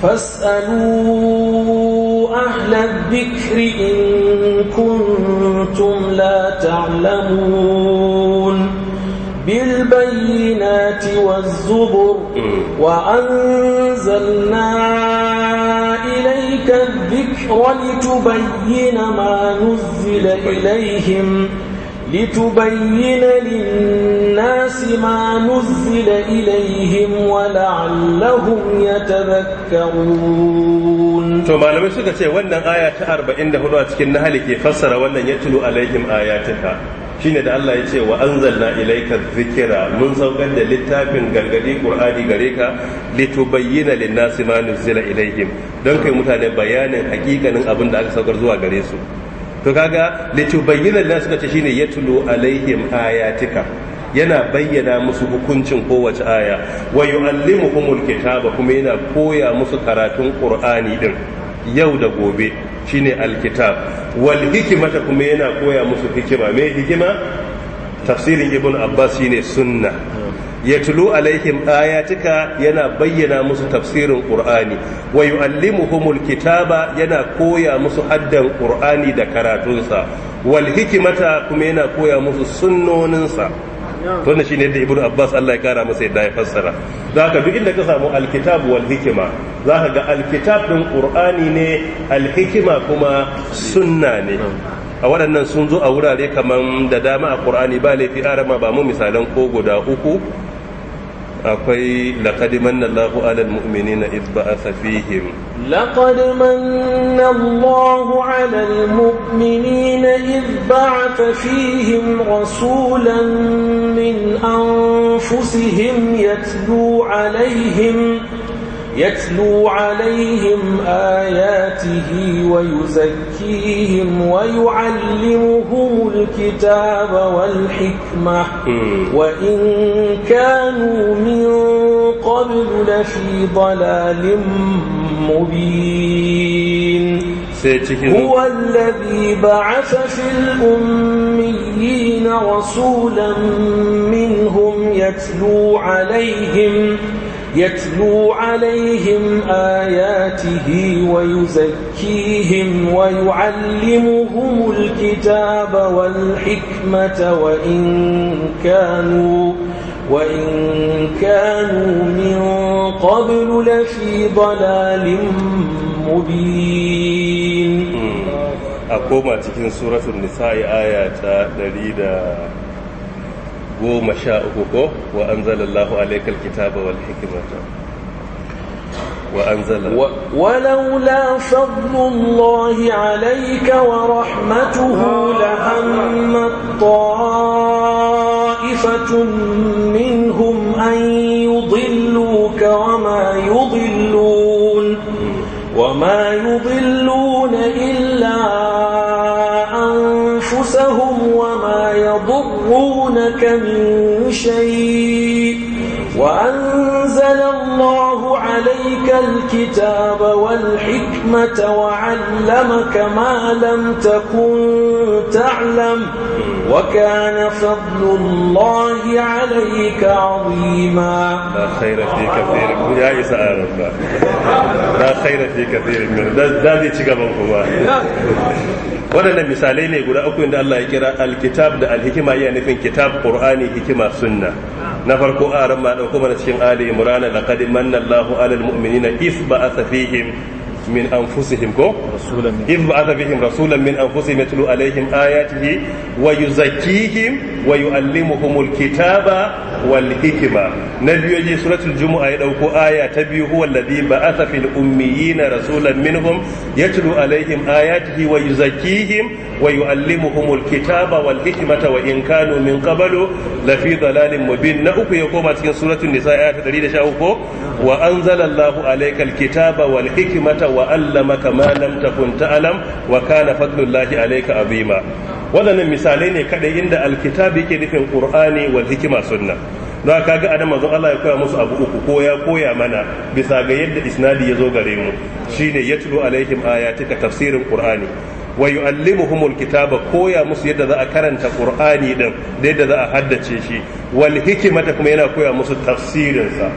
فاسألوا أهل الذكر إن كنتم لا تعلمون بالبينات والزبر وأنزلنا تلك الذكر لتبين ما نزل إليهم لتبين للناس ما نزل إليهم ولعلهم يتذكرون to malamai suka ce wannan aya ta 44 a cikin nahali ke fassara wannan yatlu alaihim ayatika shine da Allah ya ce wa anzalna ilaika zikira mun saukar da littafin gargadi qur'ani gare ka litubayyana lin-nasi ma nuzila ilaihim don kai mutane bayanin hakikanin abin da aka saukar zuwa gare su to kaga litubayyana lin-nasi kace shine yatlu alaihim ayatika yana bayyana musu hukuncin kowace aya wa yu'allimuhumul kitaba kuma yana koya musu karatun qur'ani din yau da gobe shine alkitab wal hikimata kuma yana koya musu hikima me hikima tafsirin ibn abbas shine sunna ya tulu alaihim ayatika yana bayyana musu tafsirin qur'ani wa yu'allimuhumul kitaba yana koya musu haddan qur'ani da karatunsa wal hikimata kuma yana koya musu sunnoninsa to ne shine yadda ibnu abbas Allah ya kara masa yadda ya fassara zaka duk inda ka samu alkitab wal hikima zaka ga alkitab din qur'ani ne alhikima kuma sunna ne a waɗannan sun zo a wurare kaman da dama a qur'ani ba laifi arama ba mu misalan ko guda uku akwai laqad manna Allahu 'alal mu'minina id ba'atha fihim laqad manna Allahu 'alal mu'minina id ba'atha fihim rasulan min anfusihim yatlu 'alayhim يتلو عليهم آياته ويزكيهم ويعلمهم الكتاب والحكمة وإن كانوا من قبل لفي ضلال مبين هو الذي بعث في الأميين رسولا منهم يتلو عليهم يتلو عليهم آياته ويزكيهم ويعلمهم الكتاب والحكمة وإن كانوا وإن كانوا من قبل لفي ضلال مبين أقوم أتكين سورة النساء آية 100 goma sha uku ko wa anzalallahu alaikal kitaba wal hikimata وأنزل ولولا فضل الله عليك ورحمته لهم طائفة منهم أن يضلوك وما يضلون وما يضلون من شيء وأن الكتاب والحكمة وعلمك ما لم تكن تعلم وكان فضل الله عليك عظيما لا خير في كثير يا إساء ربا لا خير في كثير من ذلك تقبلكم waɗannan misalai ne guda uku inda Allah ya kira alkitab da alhikima iya nufin kitab qur'ani hikima sunna na farko a ran ma dauko mana cikin ali imran laqad manna Allahu alal mu'minina if ba'atha fihim min anfusihim ko rasulan if ba'atha fihim rasulan min anfusihim yatlu alaihim ayatihi wa yuzakkihim wa yu'allimuhumul kitaba wal hikma na biyu ji suratul jumu'a ya dauko aya ta biyu huwa alladhi ba'atha fil ummiyina rasulan minhum yatlu alaihim ayatihi wa yuzakkihim wa yu'allimuhumul kitaba wal hikmata wa in kanu min qablu la dalalin mubin na uku ya koma cikin suratul nisa aya ta 113 wa anzala Allahu alaykal kitaba wal hikmata wa allamaka ma lam takun ta'lam wa kana fadlullahi alayka azima waɗannan misalai ne kaɗai inda alkitabi yake nufin qur'ani wal hikima sunna don ka ga adam manzon Allah ya koya musu abu uku ko ya koya mana bisa ga yadda isnadi ya zo gare mu shine yatlu alaihim ayatika tafsirin qur'ani wa yu'allimuhumul kitaba koya musu yadda za a karanta qur'ani din da yadda za a haddace shi wal hikimata kuma yana koya musu tafsirin sa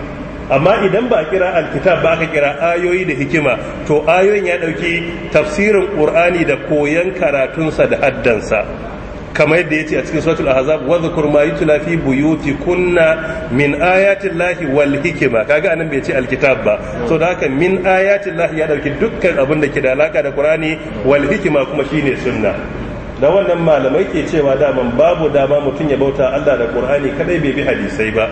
amma idan ba kira alkitab ba aka kira ayoyi da hikima to ayoyin ya ɗauki tafsirin qur'ani da koyan karatunsa da haddansa kamar yadda yace a cikin suratul ahzab wa dhkur ma yutla fi buyutikunna min ayati llahi wal hikima kaga anan bai ce alkitab ba so da haka min ayati llahi ya dauki dukkan abin da ke da alaka da qur'ani wal hikima kuma shine sunna da wannan malamai ke cewa daman babu dama mutum ya bauta Allah da Qur'ani kadai bai bi hadisai ba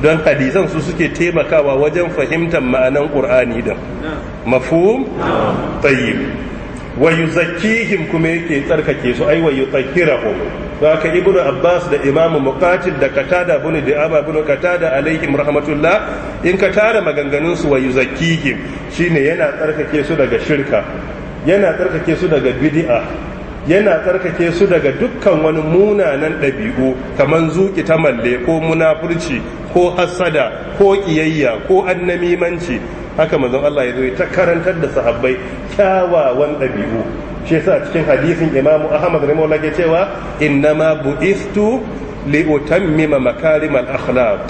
don hadisan su suke taimakawa wajen fahimtar ma'anan Qur'ani din mafhum tayyib wa yuzakkihim kuma yake tsarkake su ai wa yutahhirahum haka ka ibnu abbas da imam muqatil da katada bin aba bin katada alaihim rahmatullah in ka tara maganganun su wa yuzakkihim shine yana tsarkake su daga shirka yana tsarkake su daga bid'a yana tsarkake su daga dukkan wani munanan ɗabi'u kamar zuƙi ta malle ko munafurci ko hassada ko ƙiyayya ko annamimanci haka manzon Allah ya zo ta karantar da sahabbai kyawawan ɗabi'u shi yasa cikin hadisin imamu Ahmad rahimahullah ke cewa innama bu'istu li utammima makarimal akhlaq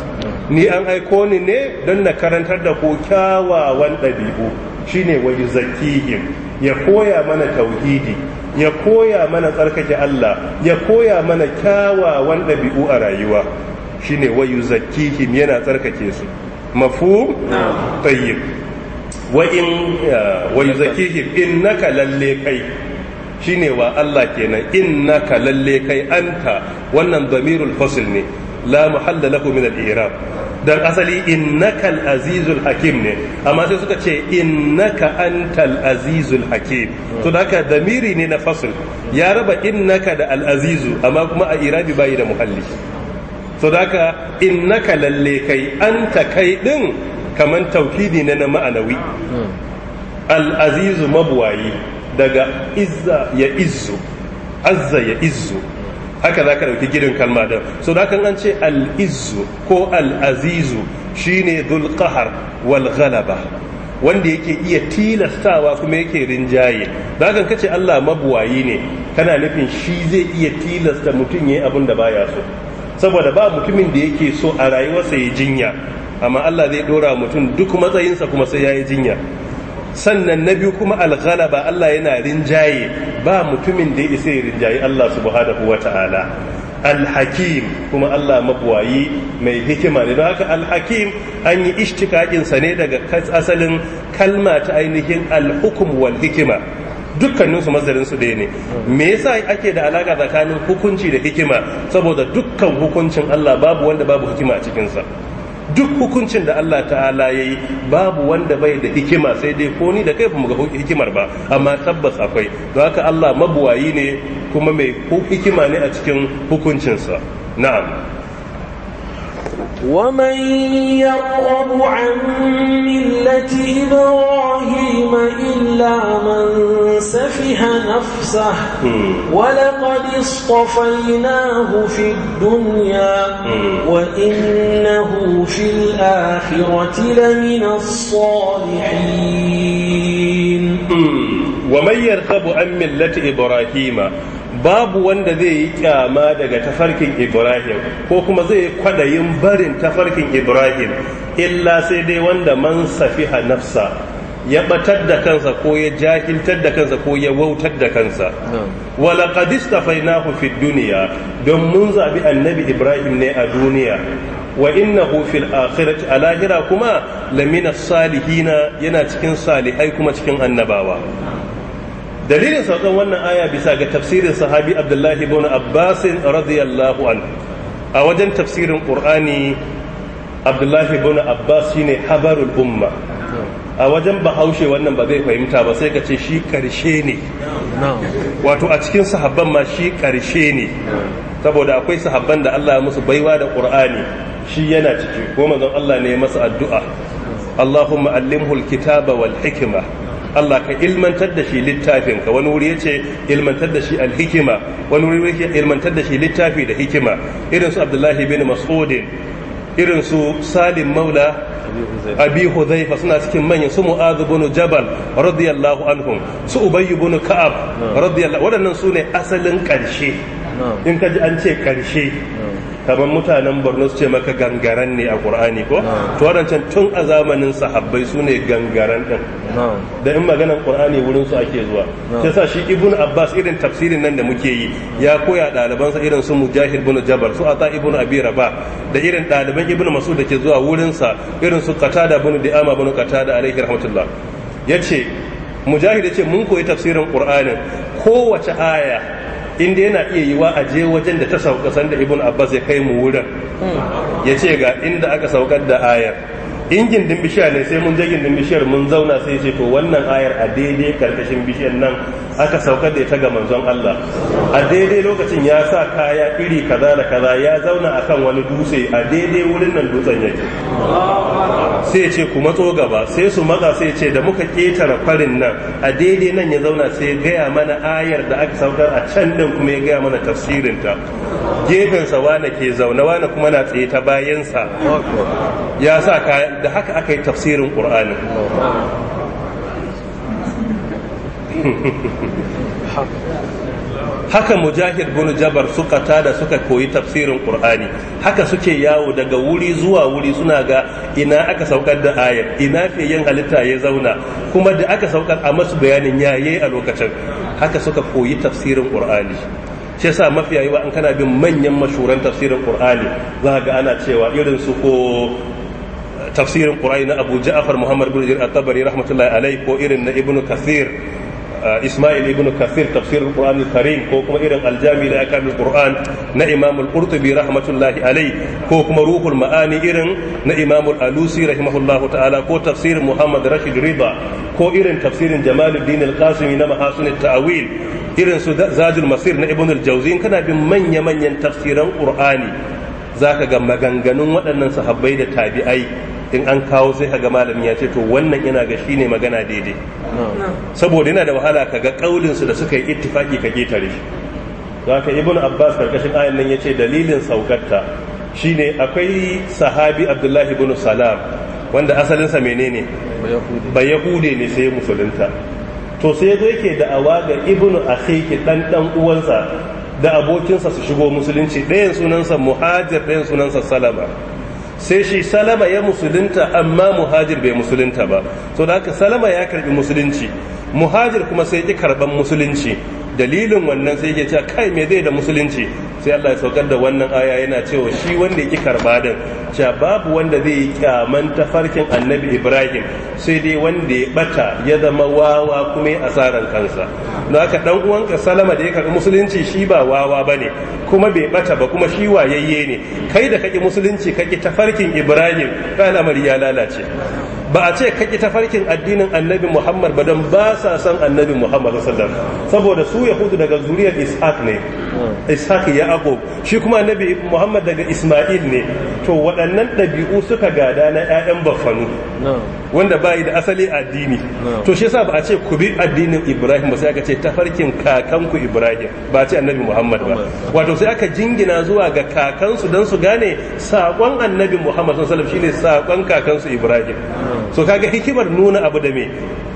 ni an aiko ni ne don na karantar da ku kyawawan ɗabi'u shine wa yuzakkihim ya koya mana tauhidi ya koya mana tsarkake Allah ya koya mana kyawawan ɗabi'u a rayuwa shine wayu zakkihim yana tsarkake su mafu. tayyib wa in wayu zakkihim innaka lalle kai shine wa Allah kenan innaka lalle kai anta wannan damirul fasl ne la muhalla lahu min al-i'rab dan asali innakal azizul hakim ne amma sai suka ce innaka antal azizul hakim to da haka damiri ne na fasul ya raba innaka da al azizu amma kuma a irabi bayi da muhalli to da haka innaka lalle kai anta kai din kaman taukidi ne na ma'anawi al azizu mabwayi daga izza ya izzu azza ya izzu haka za ka ɗauki girin kalma ɗin so da kan an ce al'izzu ko al'azizu shine dhul qahr wal ghalaba wanda yake iya tilastawa kuma yake rinjaye da kan kace Allah mabuwayi ne kana nufin shi zai iya tilasta mutum yayi abin da baya so saboda ba mutumin da yake so a rayuwarsa ya jinya amma Allah zai dora mutum duk matsayinsa kuma sai yayi jinya sannan na biyu kuma alghalaba Allah yana rinjaye ba mutumin da ya isa ya rinjaye Allah subhanahu wata'ala alhakim kuma Allah mabuwayi mai hikima ne don haka alhakim an yi ishtikakinsa ne daga asalin kalma ta ainihin alhukum wal hikima dukkaninsu mazarinsu ɗaya ne me yasa ake da alaka tsakanin hukunci da hikima saboda dukkan hukuncin Allah babu wanda babu hikima a cikinsa duk hukuncin da Allah ta'ala ya yi babu wanda bai da hikima sai dai ko ni da kai ba mu ga hikimar ba amma tabbas akwai don haka Allah mabuwayi ne kuma mai hikima ne a cikin hukuncinsa na'am ومن يقرب عن ملة إبراهيم إلا من سفه نفسه ولقد اصطفيناه في الدنيا وإنه في الآخرة لمن الصالحين ومن يرغب عن ملة إبراهيم babu wanda zai yi kyama daga tafarkin ibrahim ko kuma zai yi kwadayin barin tafarkin ibrahim illa sai dai wanda man safiha nafsa ya batar da kansa ko ya jahiltar da kansa ko ya wautar da kansa wala qad istafainahu fi duniya don mun zabi annabi ibrahim ne a duniya wa innahu fil akhirati alahira kuma lamina salihina yana cikin salihai kuma cikin annabawa dalilin saukan wannan aya bisa ga tafsirin sahabi abdullahi ibn abbas radiyallahu anhu a wajen tafsirin qur'ani abdullahi ibn abbas shine habarul umma a wajen bahaushe wannan ba zai fahimta ba sai ka ce shi karshe ne wato a cikin sahabban ma shi karshe ne saboda akwai sahabban da Allah ya musu baiwa da qur'ani shi yana ciki ko manzon Allah ne masa addu'a Allahumma allimhu alkitaba wal hikma Allah ka ilmantar da shi littafin ka wani wuri yace ilmantar da shi alhikima wani wuri ce ilmantar da shi littafi da hikima irin su Abdullahi bin Mas'ud irin su Salim Maula Abi Hudhaifa suna cikin manyan su Mu'adh bin Jabal radiyallahu anhum su Ubay bin Ka'ab radiyallahu waɗannan su ne asalin ƙarshe in ka ji an ce ƙarshe kamar mutanen borno su ce maka gangaren ne a qur'ani ko to wadancan tun a zamanin sahabbai su ne gangaren din da in maganan qur'ani wurin su ake zuwa sai sa shi ibnu abbas irin tafsirin nan da muke yi ya koya ɗalibansa irin su mujahid ibn jabal su ata ibn abi raba da irin ɗaliban ibn mas'ud da ke zuwa wurin sa irin su qatada ibn di'ama ibn qatada alaihi rahmatullah yace mujahid yace mun koyi tafsirin qur'anin kowace aya inda yana iya yiwa a je wajen da ta sauka sanda ibn abbas ya kai mu wurin ya ce ga inda aka saukar da ayar in gindin bishiya ne sai mun je gindin bishiyar mun zauna sai ce to wannan ayar a daidai karkashin bishiyar nan aka saukar da ita ga manzon Allah a daidai lokacin ya sa kaya iri kaza da kaza ya zauna akan wani dutse a daidai wurin nan dutsen yake sai ce ku matso gaba sai su maza sai ce da muka ketare farin nan a daidai nan ya zauna sai gaya mana ayar da aka saukar a can din kuma ya gaya mana tafsirinta sa wane ke zaune wane kuma na tsaye ta bayansa ya sa da haka aka yi tafsirin qur'ani haka mujahid bin jabar suka tada suka koyi tafsirin qur'ani haka suke yawo daga wuri zuwa wuri suna ga ina aka saukar da ayat ina yin halitta ya zauna kuma da aka saukar a masu bayanin yaye a lokacin haka suka koyi tafsirin qur'ani shi yasa mafi yawa an kana bin manyan mashuran tafsirin qur'ani za ga ana cewa irin su ko tafsirin qur'ani na Abu Ja'far Muhammad bin Jarir at-Tabari rahmatullahi alayhi ko irin na ibnu Kathir Ismail ibn Kathir tafsirin Qur'an al-Karim ko kuma irin aljami da aka Qur'an na Imam al-Qurtubi rahmatullahi alai ko kuma Ruhul Ma'ani irin na Imam al-Alusi rahimahullahu ta'ala ko tafsirin Muhammad Rashid Riba ko irin tafsirin Jamaluddin al-Qasimi na Mahasin tawil irin su Zadul Masir na Ibn al-Jawzi kana bin manya manyan tafsiran Qur'ani zaka ga maganganun waɗannan sahabbai da tabi'ai in an kawo sai kaga malamin ya ce to wannan yana ga shine magana daidai saboda yana da wahala kaga kaulin su da suka yi ittifaki ka getare shi zaka ibnu abbas karkashin ayan nan yace dalilin saukarta shine akwai sahabi abdullahi ibnu salam wanda asalin sa menene ba yahude ne sai musulunta to sai yazo yake awa ga ibnu akhiki dan dan uwansa da abokinsa su shigo musulunci ɗayan sunansa muhajir ɗayan sunansa salama sai shi salama ya musulunta amma muhajir bai musulunta ba so da haka salama ya karbi musulunci muhajir kuma sai ya karban musulunci dalilin wannan sai yake cewa kai me zai da musulunci sai Allah ya saukar da wannan aya yana cewa shi wanda yake karba din cewa babu wanda zai yi kyaman tafarkin annabi Ibrahim sai dai wanda ya bata ya zama wawa kuma ya asaran kansa don haka dan uwanka Salama da ya karbi musulunci shi ba wawa bane kuma bai bata ba kuma shi wayayye ne kai da kake musulunci kake tafarkin Ibrahim ka al'amari ya lalace ba a ce kaki tafarkin addinin annabi muhammad ba don ba sa san annabi muhammad sallam saboda su yahudu daga zuriyar ishaq ne ishaq ya ako shi kuma annabi muhammad daga isma'il ne to waɗannan ɗabi'u suka gada na 'ya'yan baffanu wanda ba yi da asali addini to shi yasa ba a ce ku bi addinin ibrahim ba sai aka ce tafarkin kakanku ibrahim ba ce annabi muhammad ba wato sai aka jingina zuwa ga kakansu don su gane saƙon annabi muhammad sallallahu shine saƙon kakansu ibrahim so ga hikimar nuna abu da me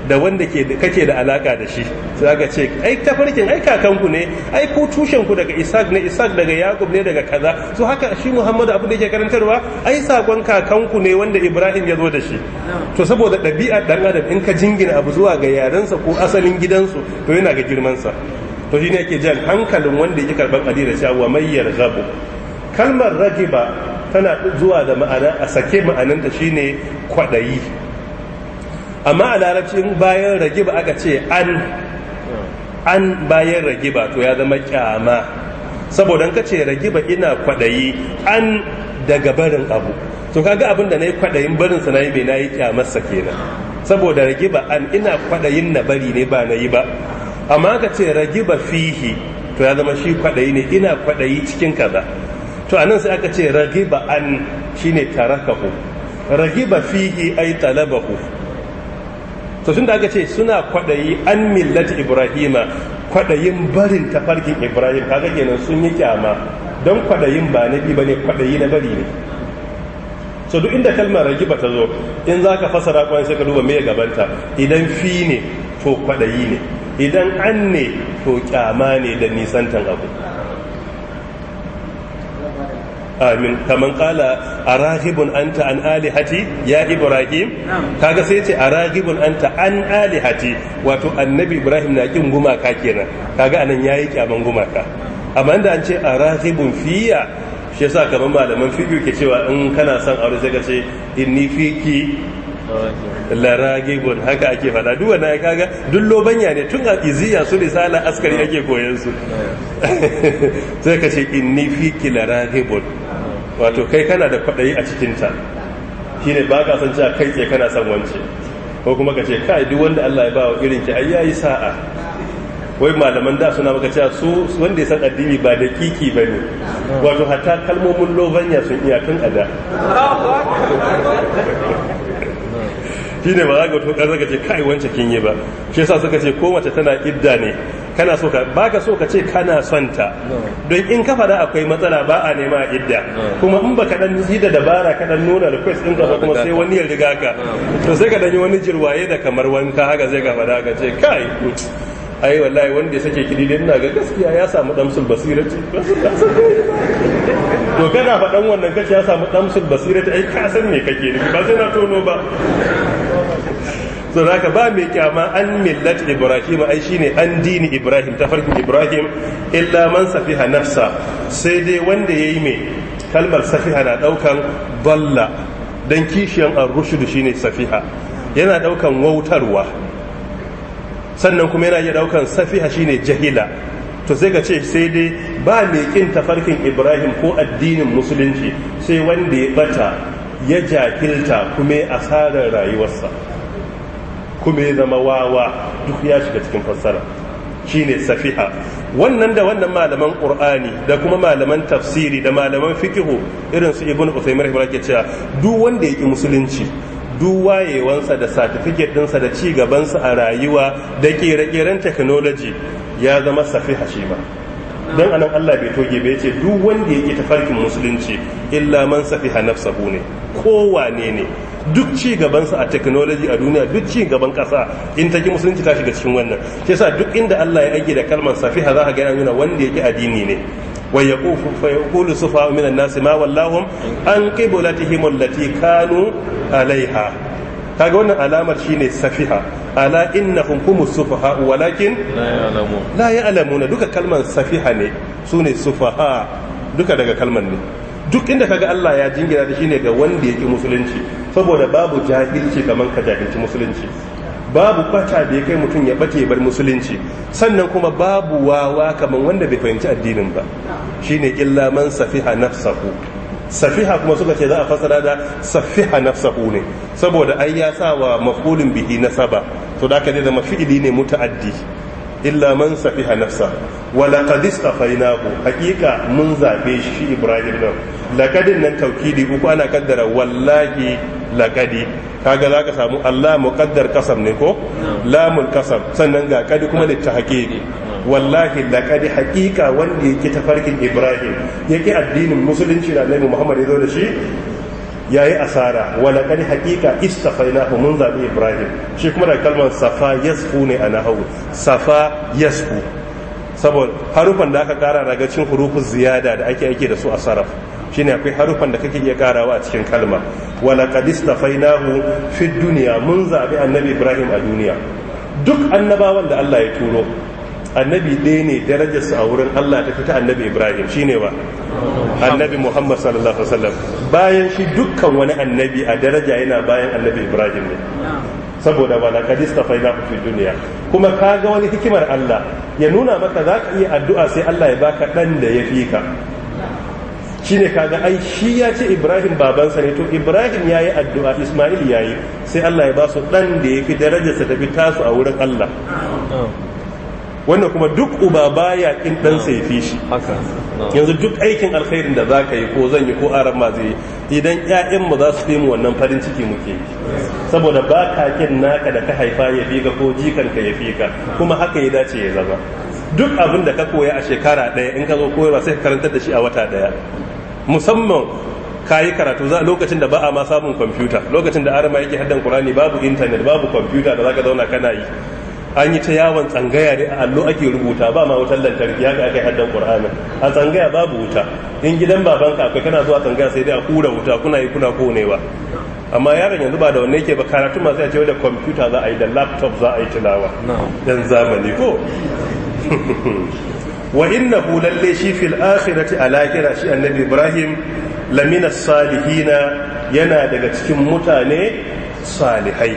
da wanda ke kake da alaka da shi sai aka ce ai tafarkin ai kakanku ne ai ku tushen ku daga Isaac ne Isaac daga Yaqub ne daga kaza so haka shi muhammad abu da ke karantarwa ai sakon kakanku ne wanda Ibrahim ya zo da shi to saboda ɗabi'ar dan adam in ka jingina abu zuwa ga yarensa ko asalin gidansu to yana ga girmansa. sa to ne yake jan hankalin wanda yake karban adira cewa mayyar zabu kalmar ragiba tana zuwa da ma'ana a sake ma'ananta shine kwaɗayi amma a larabcin bayan ragiba aka ce an an bayan ragiba to ya zama kyama saboda ka ce ragiba ina kwaɗayi an daga barin abu to kaga abin da na yi kwaɗayin barinsa na yi mai na yi kyamarsa kenan saboda ragiba an ina kwaɗayin na bari ne ba na yi ba amma ka ce ragiba fihi to ya zama shi kwaɗayi ne ina kwaɗayi cikin kaza to anan sai aka ce ragiba an shine tarakahu ragiba fihi ay talabahu to tun da aka ce suna kwadayi an millati ibrahima kwadayin barin tafarkin ibrahim kaga kenan sun yi kyama don kwadayin ba nabi bane kwadayi na bari ne so duk inda kalma ragiba ta zo in zaka ka fasara kwan sai ka duba me gabanta idan fi ne to kwadayi ne idan an ne to kyama ne da nisantan abu amin kaman kala arahibun anta an alihati ya ibrahim kaga sai ce arahibun anta an alihati wato annabi ibrahim na kin gumaka kenan kaga anan yayi kyaman gumaka amma da an ce arahibun fiya shi yasa kaman malaman fiqh ke cewa in kana son aure sai ka ce inni fiki ragibun haka ake fada duk wanda ya kaga duk lobanya ne tun a iziya su risala askari ake koyan su sai ka ce inni fiki ragibun wato kai kana da kwaɗayi a cikinta shi ne ba ka san cewa kai tsaye kana son wance ko kuma ka ce kai duk wanda Allah ya ba wa irin ki ai yayi sa'a wai malaman da suna maka cewa su wanda ya san addini ba da kiki ba ne wato hatta kalmomin lobanya sun iya tun a da shi ne ba za ka tokar ƙarar ka ce kai wance kin yi ba shi yasa suka ce ko mace tana idda ne kana so ka ba ka so ka ce kana son ta don in ka faɗa akwai matsala ba a nema a idda kuma in ba dan yi da dabara ka dan nuna request din ka kuma sai wani ya riga ka to sai ka dan yi wani jirwaye da kamar wanka haka zai ka faɗa ka ce kai ai wallahi wanda yake kidi din na ga gaskiya ya samu damsul basirati to kana faɗan wannan kace ya samu damsul basirati ai ka san me kake ni ba sai na tono ba so ba mai kyama an millat ibrahim ai shine an dini ibrahim ta ibrahim illa man safiha nafsa sai dai wanda yayi mai kalmar safiha na daukan balla don kishiyan ar shine safiha yana daukan wautarwa sannan kuma yana iya daukan safiha shine jahila to sai ka ce sai dai ba mai kin tafarkin ibrahim ko addinin musulunci sai wanda ya bata ya jakilta kuma asarar rayuwarsa kuma ya zama wawa duk ya shiga cikin fassara shi ne safiha wannan da wannan malaman qur'ani da kuma malaman tafsiri da malaman fikihu irinsu su ibnu usaymin rahimahullah ke cewa duk wanda ya ƙi musulunci duk wayewansa da satifiket dinsa da ci gabansa a rayuwa da ƙere-ƙeren technology ya zama safiha shi ma dan anan Allah bai toge bai ce duk wanda ya ƙi tafarkin musulunci illa man safiha nafsahu ne kowane ne duk ci gabansa a technology a duniya duk ci gaban kasa in ta musulunci ta shiga cikin wannan sai sa duk inda Allah ya aiki da kalmar safiha za ka ga yana wanda yake addini ne wa yaqufu fa yaqulu sufa min an-nas ma wallahum an qiblatihim allati kanu alaiha kaga wannan alamar shine safiha ala innahum hum sufaha walakin la ya'lamuna duka kalmar safiha ne sune sufaha duka daga kalmar ne duk inda kaga Allah ya jingira da shine ga wanda yake musulunci saboda babu jahilci kamar ka jahilci musulunci babu kwata da ya kai mutum ya bace bar musulunci sannan kuma babu wawa kamar wanda bai fahimci addinin ba shine illa man safiha nafsahu safiha kuma suka ce za a fasara da safiha nafsahu ne saboda ai ya sa wa maf'ulin bihi nasaba to da aka ne zama fi'ili ne muta'addi illa man safiha nafsa wa laqad istafainahu haqiqa mun zabe shi Ibrahim nan lakadin nan taukidi uku ana kaddara wallahi laqadi kaga zaka samu Allah muqaddar qasam ne ko lamul qasam sannan ga kadi kuma da ne wallahi laqadi hakika wanda yake tafarkin Ibrahim yake addinin musulunci da Annabi Muhammad ya zo da shi yayi asara wala kad haqiqa istafainahu mun zabi Ibrahim shi kuma da kalmar safa yasfu ne a nahwu safa yasfu saboda harufan da aka kara daga cikin hurufin ziyada da ake aiki da su a saraf shine akwai harufan da kake iya karawa a cikin kalma wala qad istafainahu fi duniya mun zaɓi annabi ibrahim a duniya duk annabawan da Allah ya turo annabi ɗaya ne darajarsa a wurin Allah ta fita annabi Ibrahim shine ba annabi Muhammad sallallahu alaihi wasallam bayan shi dukkan wani annabi a daraja yana bayan annabi Ibrahim ne saboda wala qad istafaina fi duniya. kuma ga wani hikimar Allah ya nuna maka zaka iya addu'a sai Allah ya baka dan da ya fi ka shine kaga ai shi ya ce ibrahim babansa ne to ibrahim ya yi addu'a ismail ya yi sai allah ya ba su ɗan da ya fi darajarsa ta fi tasu a wurin allah wannan kuma duk uba baya kin ɗan sai fi shi yanzu duk aikin alkhairin da zaka yi ko zan yi ko aran ma zai yi idan 'ya'yanmu za su fi mu wannan farin ciki muke saboda ba ka kin naka da ka haifa ya fi ka ko ka ya fi ka kuma haka ya dace ya zama duk abin da ka koya a shekara ɗaya in ka zo koyarwa sai ka karantar da shi a wata ɗaya musamman ka yi karatu za lokacin da ba a ma samun kwamfuta lokacin da arama yake haddan kur'ani babu intanet babu kwamfuta da zaka zauna kana yi an yi ta yawon tsangaya ne a allo ake rubuta ba ma wutar lantarki haka aka yi haddan kurani a tsangaya babu wuta in gidan babanka akwai kana zuwa tsangaya sai dai a kura wuta kuna yi kuna konewa amma yaron yanzu ba da wanne yake ba karatu masu ya ce da kwamfuta za a yi da laptop za a yi tilawa dan zamani ko wa innahu lalle shi fil akhirati lahira shi annabi ibrahim lamina salihina yana daga cikin mutane salihai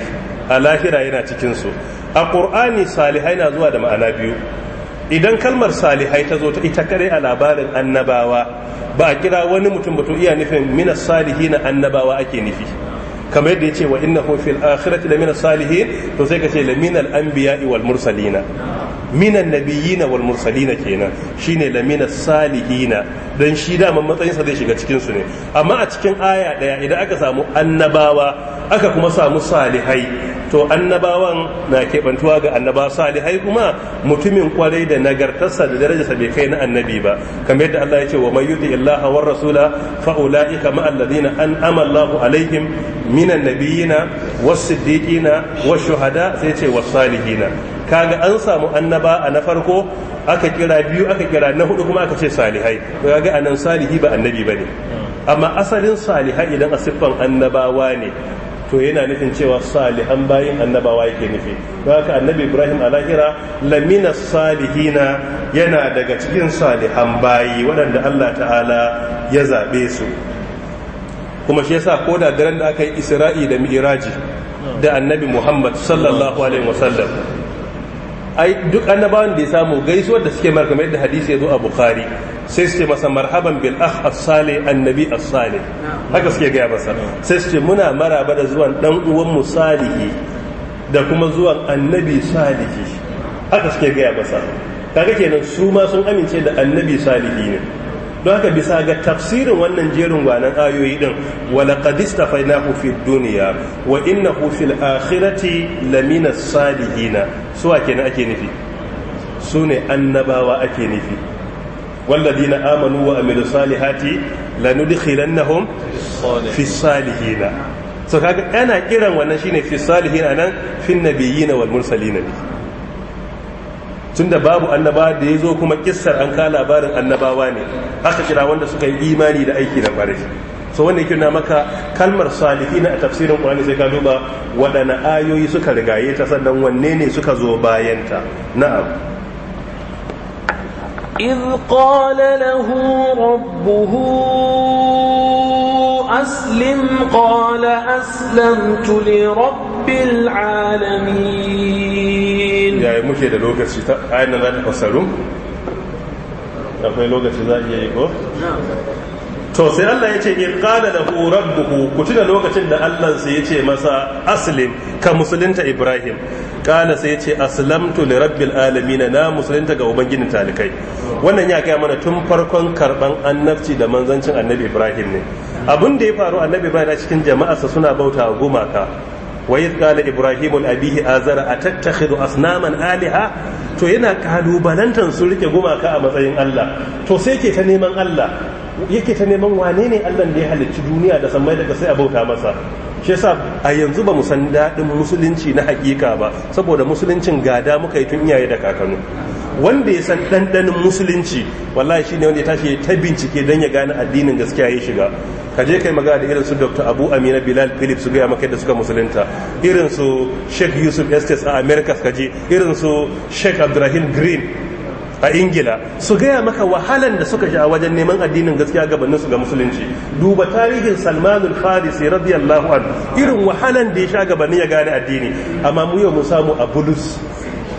A lahira yana cikin su a ƙur'ani salihai na zuwa da ma'ana biyu idan kalmar salihai ta zo ta ita kare a labarin annabawa ba a kira wani mutum ba to iya nufin minas salihina annabawa ake nufi kamar yadda ya ce wa inna fil akhirati lamina salihin to sai ka ce lamina al-anbiya wal mursalina minan nabiyina wal mursalina kenan shine lamina salihina dan shi da matsayin sa zai shiga cikin su ne amma a cikin aya daya idan aka samu annabawa aka kuma samu salihai to annabawan na keɓantuwa ga annaba salihai kuma mutumin kwarai da nagartarsa da darajarsa bai kai na annabi ba kamar yadda Allah ya ce wa man yuti illaha war rasula fa ulaika ma alladhina an'ama Allah alaihim minan nabiyina was siddiqina was shuhada sai ce was salihina kaga an samu annaba a na farko aka kira biyu aka kira na hudu kuma aka ce salihai to kaga anan salihi ba annabi bane amma asalin salihai idan a annabawa ne to yana nufin cewa salihan bayin annabawa yake nufi don haka annabi ibrahim a lahira lamina salihina yana daga cikin salihan bayi waɗanda allah ta'ala ya zaɓe su kuma shi yasa ko da daren da aka yi isra'i da mi'raji da annabi muhammad sallallahu alaihi wasallam ai duk annabawan da ya samu gaisuwar da suke marka mai da hadisi ya zo a bukhari sai suke masa marhaban bil akh as annabi as haka suke gaya masa sai suke muna maraba da zuwan dan uwan mu salihi da kuma zuwan annabi salihi haka suke gaya masa kaga kenan su ma sun amince da annabi salihi ne don haka bisa ga tafsirin wannan jerin gwanan ayoyi din wala laqad fainahu fid dunya wa innahu fil akhirati lamina salihina suwa kenan ake nufi su ne annabawa ake nufi walladina amanu wa amilu salihati lanudkhilannahum fi salihina so kaga ana kiran wannan shine fi nan fi nabiyina wal mursalina ne tunda babu annaba da yazo kuma kissar an ka labarin annabawa ne haka kira wanda suka yi imani da aiki da ƙwarai so wanda yake na maka kalmar salihin a tafsirin qur'ani sai ka duba wadana ayoyi suka rigaye ta sannan wanne ne suka zo bayan ta na'am id qala lahu rabbuhu aslim qala aslamtu li rabbil alamin yi muke da lokaci ta ayin za ta fassaru akwai lokaci za a iya yi ko to sai Allah ya ce in qala lahu rabbuhu ku tuna lokacin da Allah sai ya ce masa aslim ka musulunta Ibrahim qala sai ya ce aslamtu li rabbil alamin na musulunta ga ubangijin talikai wannan ya gaya mana tun farkon karban annabci da manzancin annabi Ibrahim ne Abun da ya faru annabi Ibrahim cikin jama'arsa suna bauta gumaka وإذ قال azara a a أتتخذ asnaman aliha to yana kalubalantar su rike gumaka a matsayin Allah to sai ke ta neman Allah yake ta neman wane ne Allah da ya halicci duniya da sammai daga sai a bauta masa shi yasa a yanzu ba mu san daɗin musulunci na hakika ba saboda musuluncin gada muka yi tun iyaye da kakanu wanda ya san ɗanɗanin musulunci wallahi shi ne wanda ya tashi ta bincike don ya gane addinin gaskiya ya shiga ka je kai magana da irinsu su dr abu amina bilal philip su gaya maka da suka musulunta irinsu su sheikh yusuf estes a america ka je irin su sheikh abdurrahim green a ingila su gaya maka wahalan da suka sha wajen neman addinin gaskiya gabanin su ga musulunci duba tarihin salmanul farisi radiyallahu anhu irin wahalan da ya sha gabanin ya gane addini amma mu yau mun samu a bulus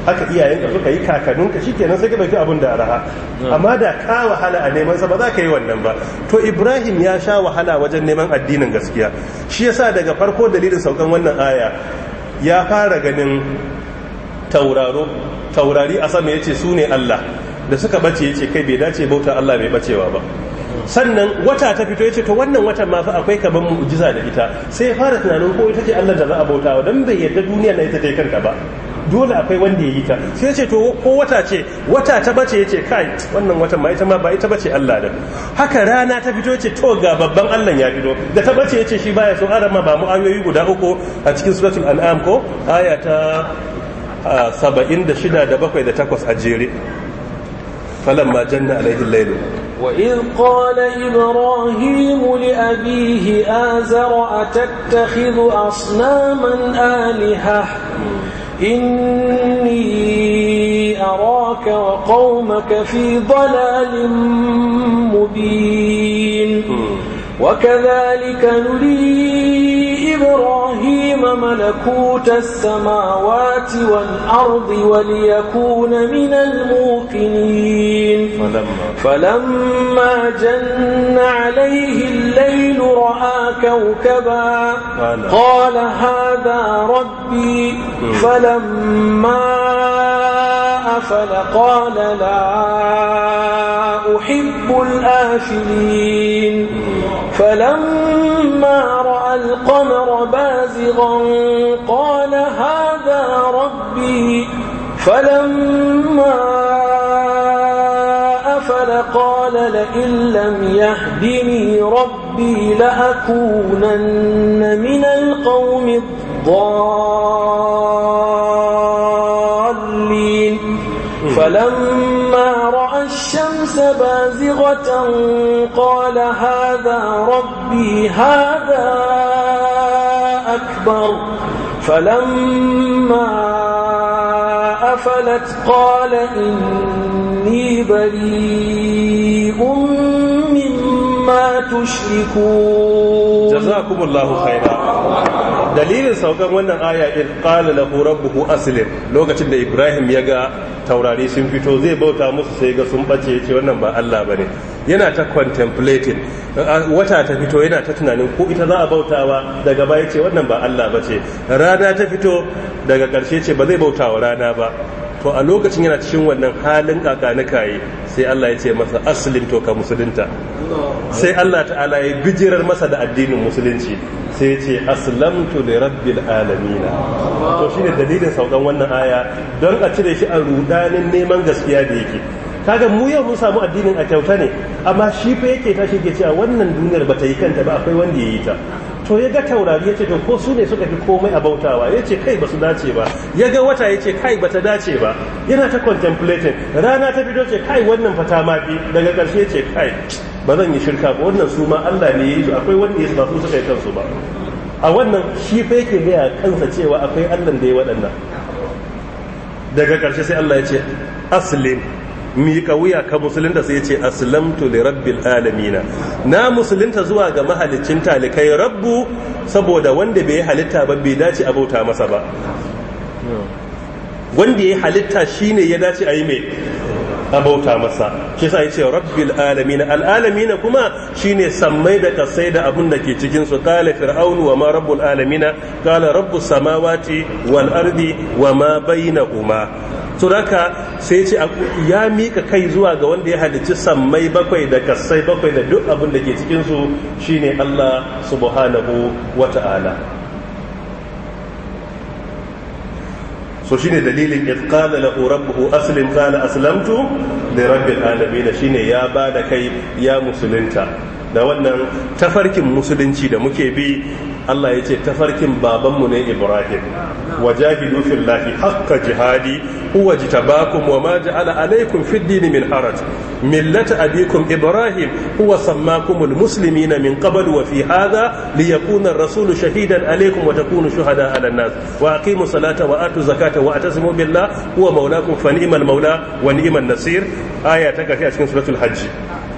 haka iyayen ka suka yi kakannin shikenan sai ka dauki abun da araha amma da ka wahala a neman sa ba za ka yi wannan ba to ibrahim ya sha wahala wajen neman addinin gaskiya shi yasa daga farko dalilin saukan wannan aya ya fara ganin tauraro taurari a sama ya ce su ne Allah da suka bace ya ce kai bai dace bauta Allah bai bacewa ba sannan wata ta fito ya ce to wannan watan ma fa akwai kamar mu'jiza da ita sai fara tunanin ko ita ce Allah da za a wa dan bai yarda duniya na ita ta kanta ba dole akwai wanda ya yi ta sai ce to ko wata ce wata ta bace yace kai wannan watan ma ita ma ba ita bace Allah da haka rana ta fito yace to ga babban Allah ya fito da ta bace yace shi baya so ma ba mu ayoyi guda uku a cikin suratul an'am ko aya ta saba'in da shida da bakwai da takwas a jere falamma janna alaihi lailu وإذ قال إبراهيم لأبيه آزر أتتخذ أصناما آلهة إني أراك وقومك في ضلال مبين وكذلك نريد إبراهيم ملكوت السماوات والأرض وليكون من الموقنين فلما جن عليه الليل رأى كوكبا قال هذا ربي فلما أفل قال لا أحب الآفلين فلما قال هذا ربي فلما أفل قال لئن لم يهدني ربي لأكونن من القوم الضالين فلما رأى الشمس بازغة قال هذا ربي هذا أكبر فلما أفلت قال إني بريء ma tushriku jazakumullahu khaira dalilin saukar wannan aya in qala lahu rabbuhu aslim lokacin da Ibrahim ya ga taurari sun fito zai bauta musu sai ga sun bace yace wannan ba Allah bane yana ta contemplating wata ta fito yana ta tunanin ko ita za a bautawa daga baya yace wannan ba Allah bace rana ta fito daga karshe ce ba zai bautawa rana ba to a lokacin yana cikin wannan halin yi sai Allah ya ce masa asalin to ka sai Allah ta'ala ya bijirar masa da addinin musulunci sai ce aslamtu li rabbil alamin to shine dalilin saukan wannan aya don a cire shi a rudanin neman gaskiya da yake kaga mu yau mun samu addinin a kyauta ne amma shi fa yake tashi ke a wannan duniyar ba ta yi kanta ba akwai wanda ya yi ta to ya ga taurari ya ce to ko su ne suka fi komai a bautawa ya ce kai ba su dace ba ya ga wata ya ce kai ba ta dace ba yana ta contemplating rana ta fito ce kai wannan fa ta mafi daga ƙarshe ya ce kai ba zan yi shirka ba wannan su ma Allah ne ya yi su akwai wanda ya su suka yi kansu ba a wannan shi fa yake gaya kansa cewa akwai Allah da ya waɗannan daga ƙarshe sai Allah ya ce aslim mika wuya ka musulunta sai ce aslamtu li rabbil alamina na musulunta zuwa ga mahalicin talikai rabbu saboda wanda bai halitta ba bai dace a bauta masa ba wanda ya halitta shine ya dace a yi mai a bauta masa shi sa yace rabbil rabbi'n alamina al'alamina kuma shine sammai da kasai da abun da ke cikin su kala fir'aunu wa ma rabbul alamina kala rabbus samawati wal ardi wa ma bainahuma Turaka sai ce ya mika kai zuwa ga wanda ya halicci sammai bakwai da kasai bakwai da duk abin da ke cikin su shine Allah subhanahu wata'ala so shine dalilin idh qala lahu rabbuhu aslim qala aslamtu li rabbil alamin shine ya bada kai ya musulunta da wannan tafarkin musulunci da muke bi Allah ya ce tafarkin babanmu ne Ibrahim wa jahidu fillahi haqqa jihadi huwa jitabakum wa ma ja'ala alaykum fid din min haraj millata abikum Ibrahim huwa sammakumul muslimina min qabl wa fi hadha liyakuna ar-rasulu shahidan alaykum wa takunu shuhada 'ala an-nas wa aqimu salata wa atu zakata wa atasimu billah huwa mawlakum fa ni'mal mawla wa ni'man nasir aya ta kafi a cikin suratul hajj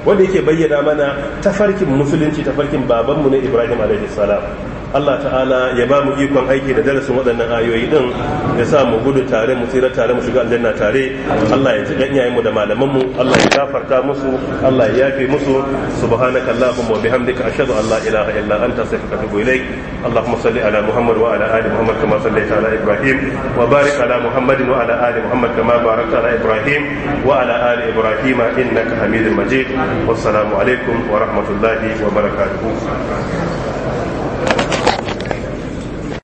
wanda yake bayyana mana tafarkin musulunci tafarkin babanmu ne Ibrahim alaihi salam Allah ta'ala ya ba mu ikon aiki da darasin waɗannan ayoyi din ya sa mu gudu tare mu tsira tare mu shiga aljanna tare Allah ya ji ganyayen mu da malaman mu Allah ya gafarta musu Allah ya yafe musu subhanaka allahumma wa bihamdika ashhadu an la ilaha illa anta astaghfiruka wa atubu ilaik اللهم صل على محمد وعلى ال محمد كما صليت على ابراهيم وبارك على محمد وعلى ال محمد كما باركت على ابراهيم وعلى ال ابراهيم انك حميد مجيد والسلام wa ورحمه wa وبركاته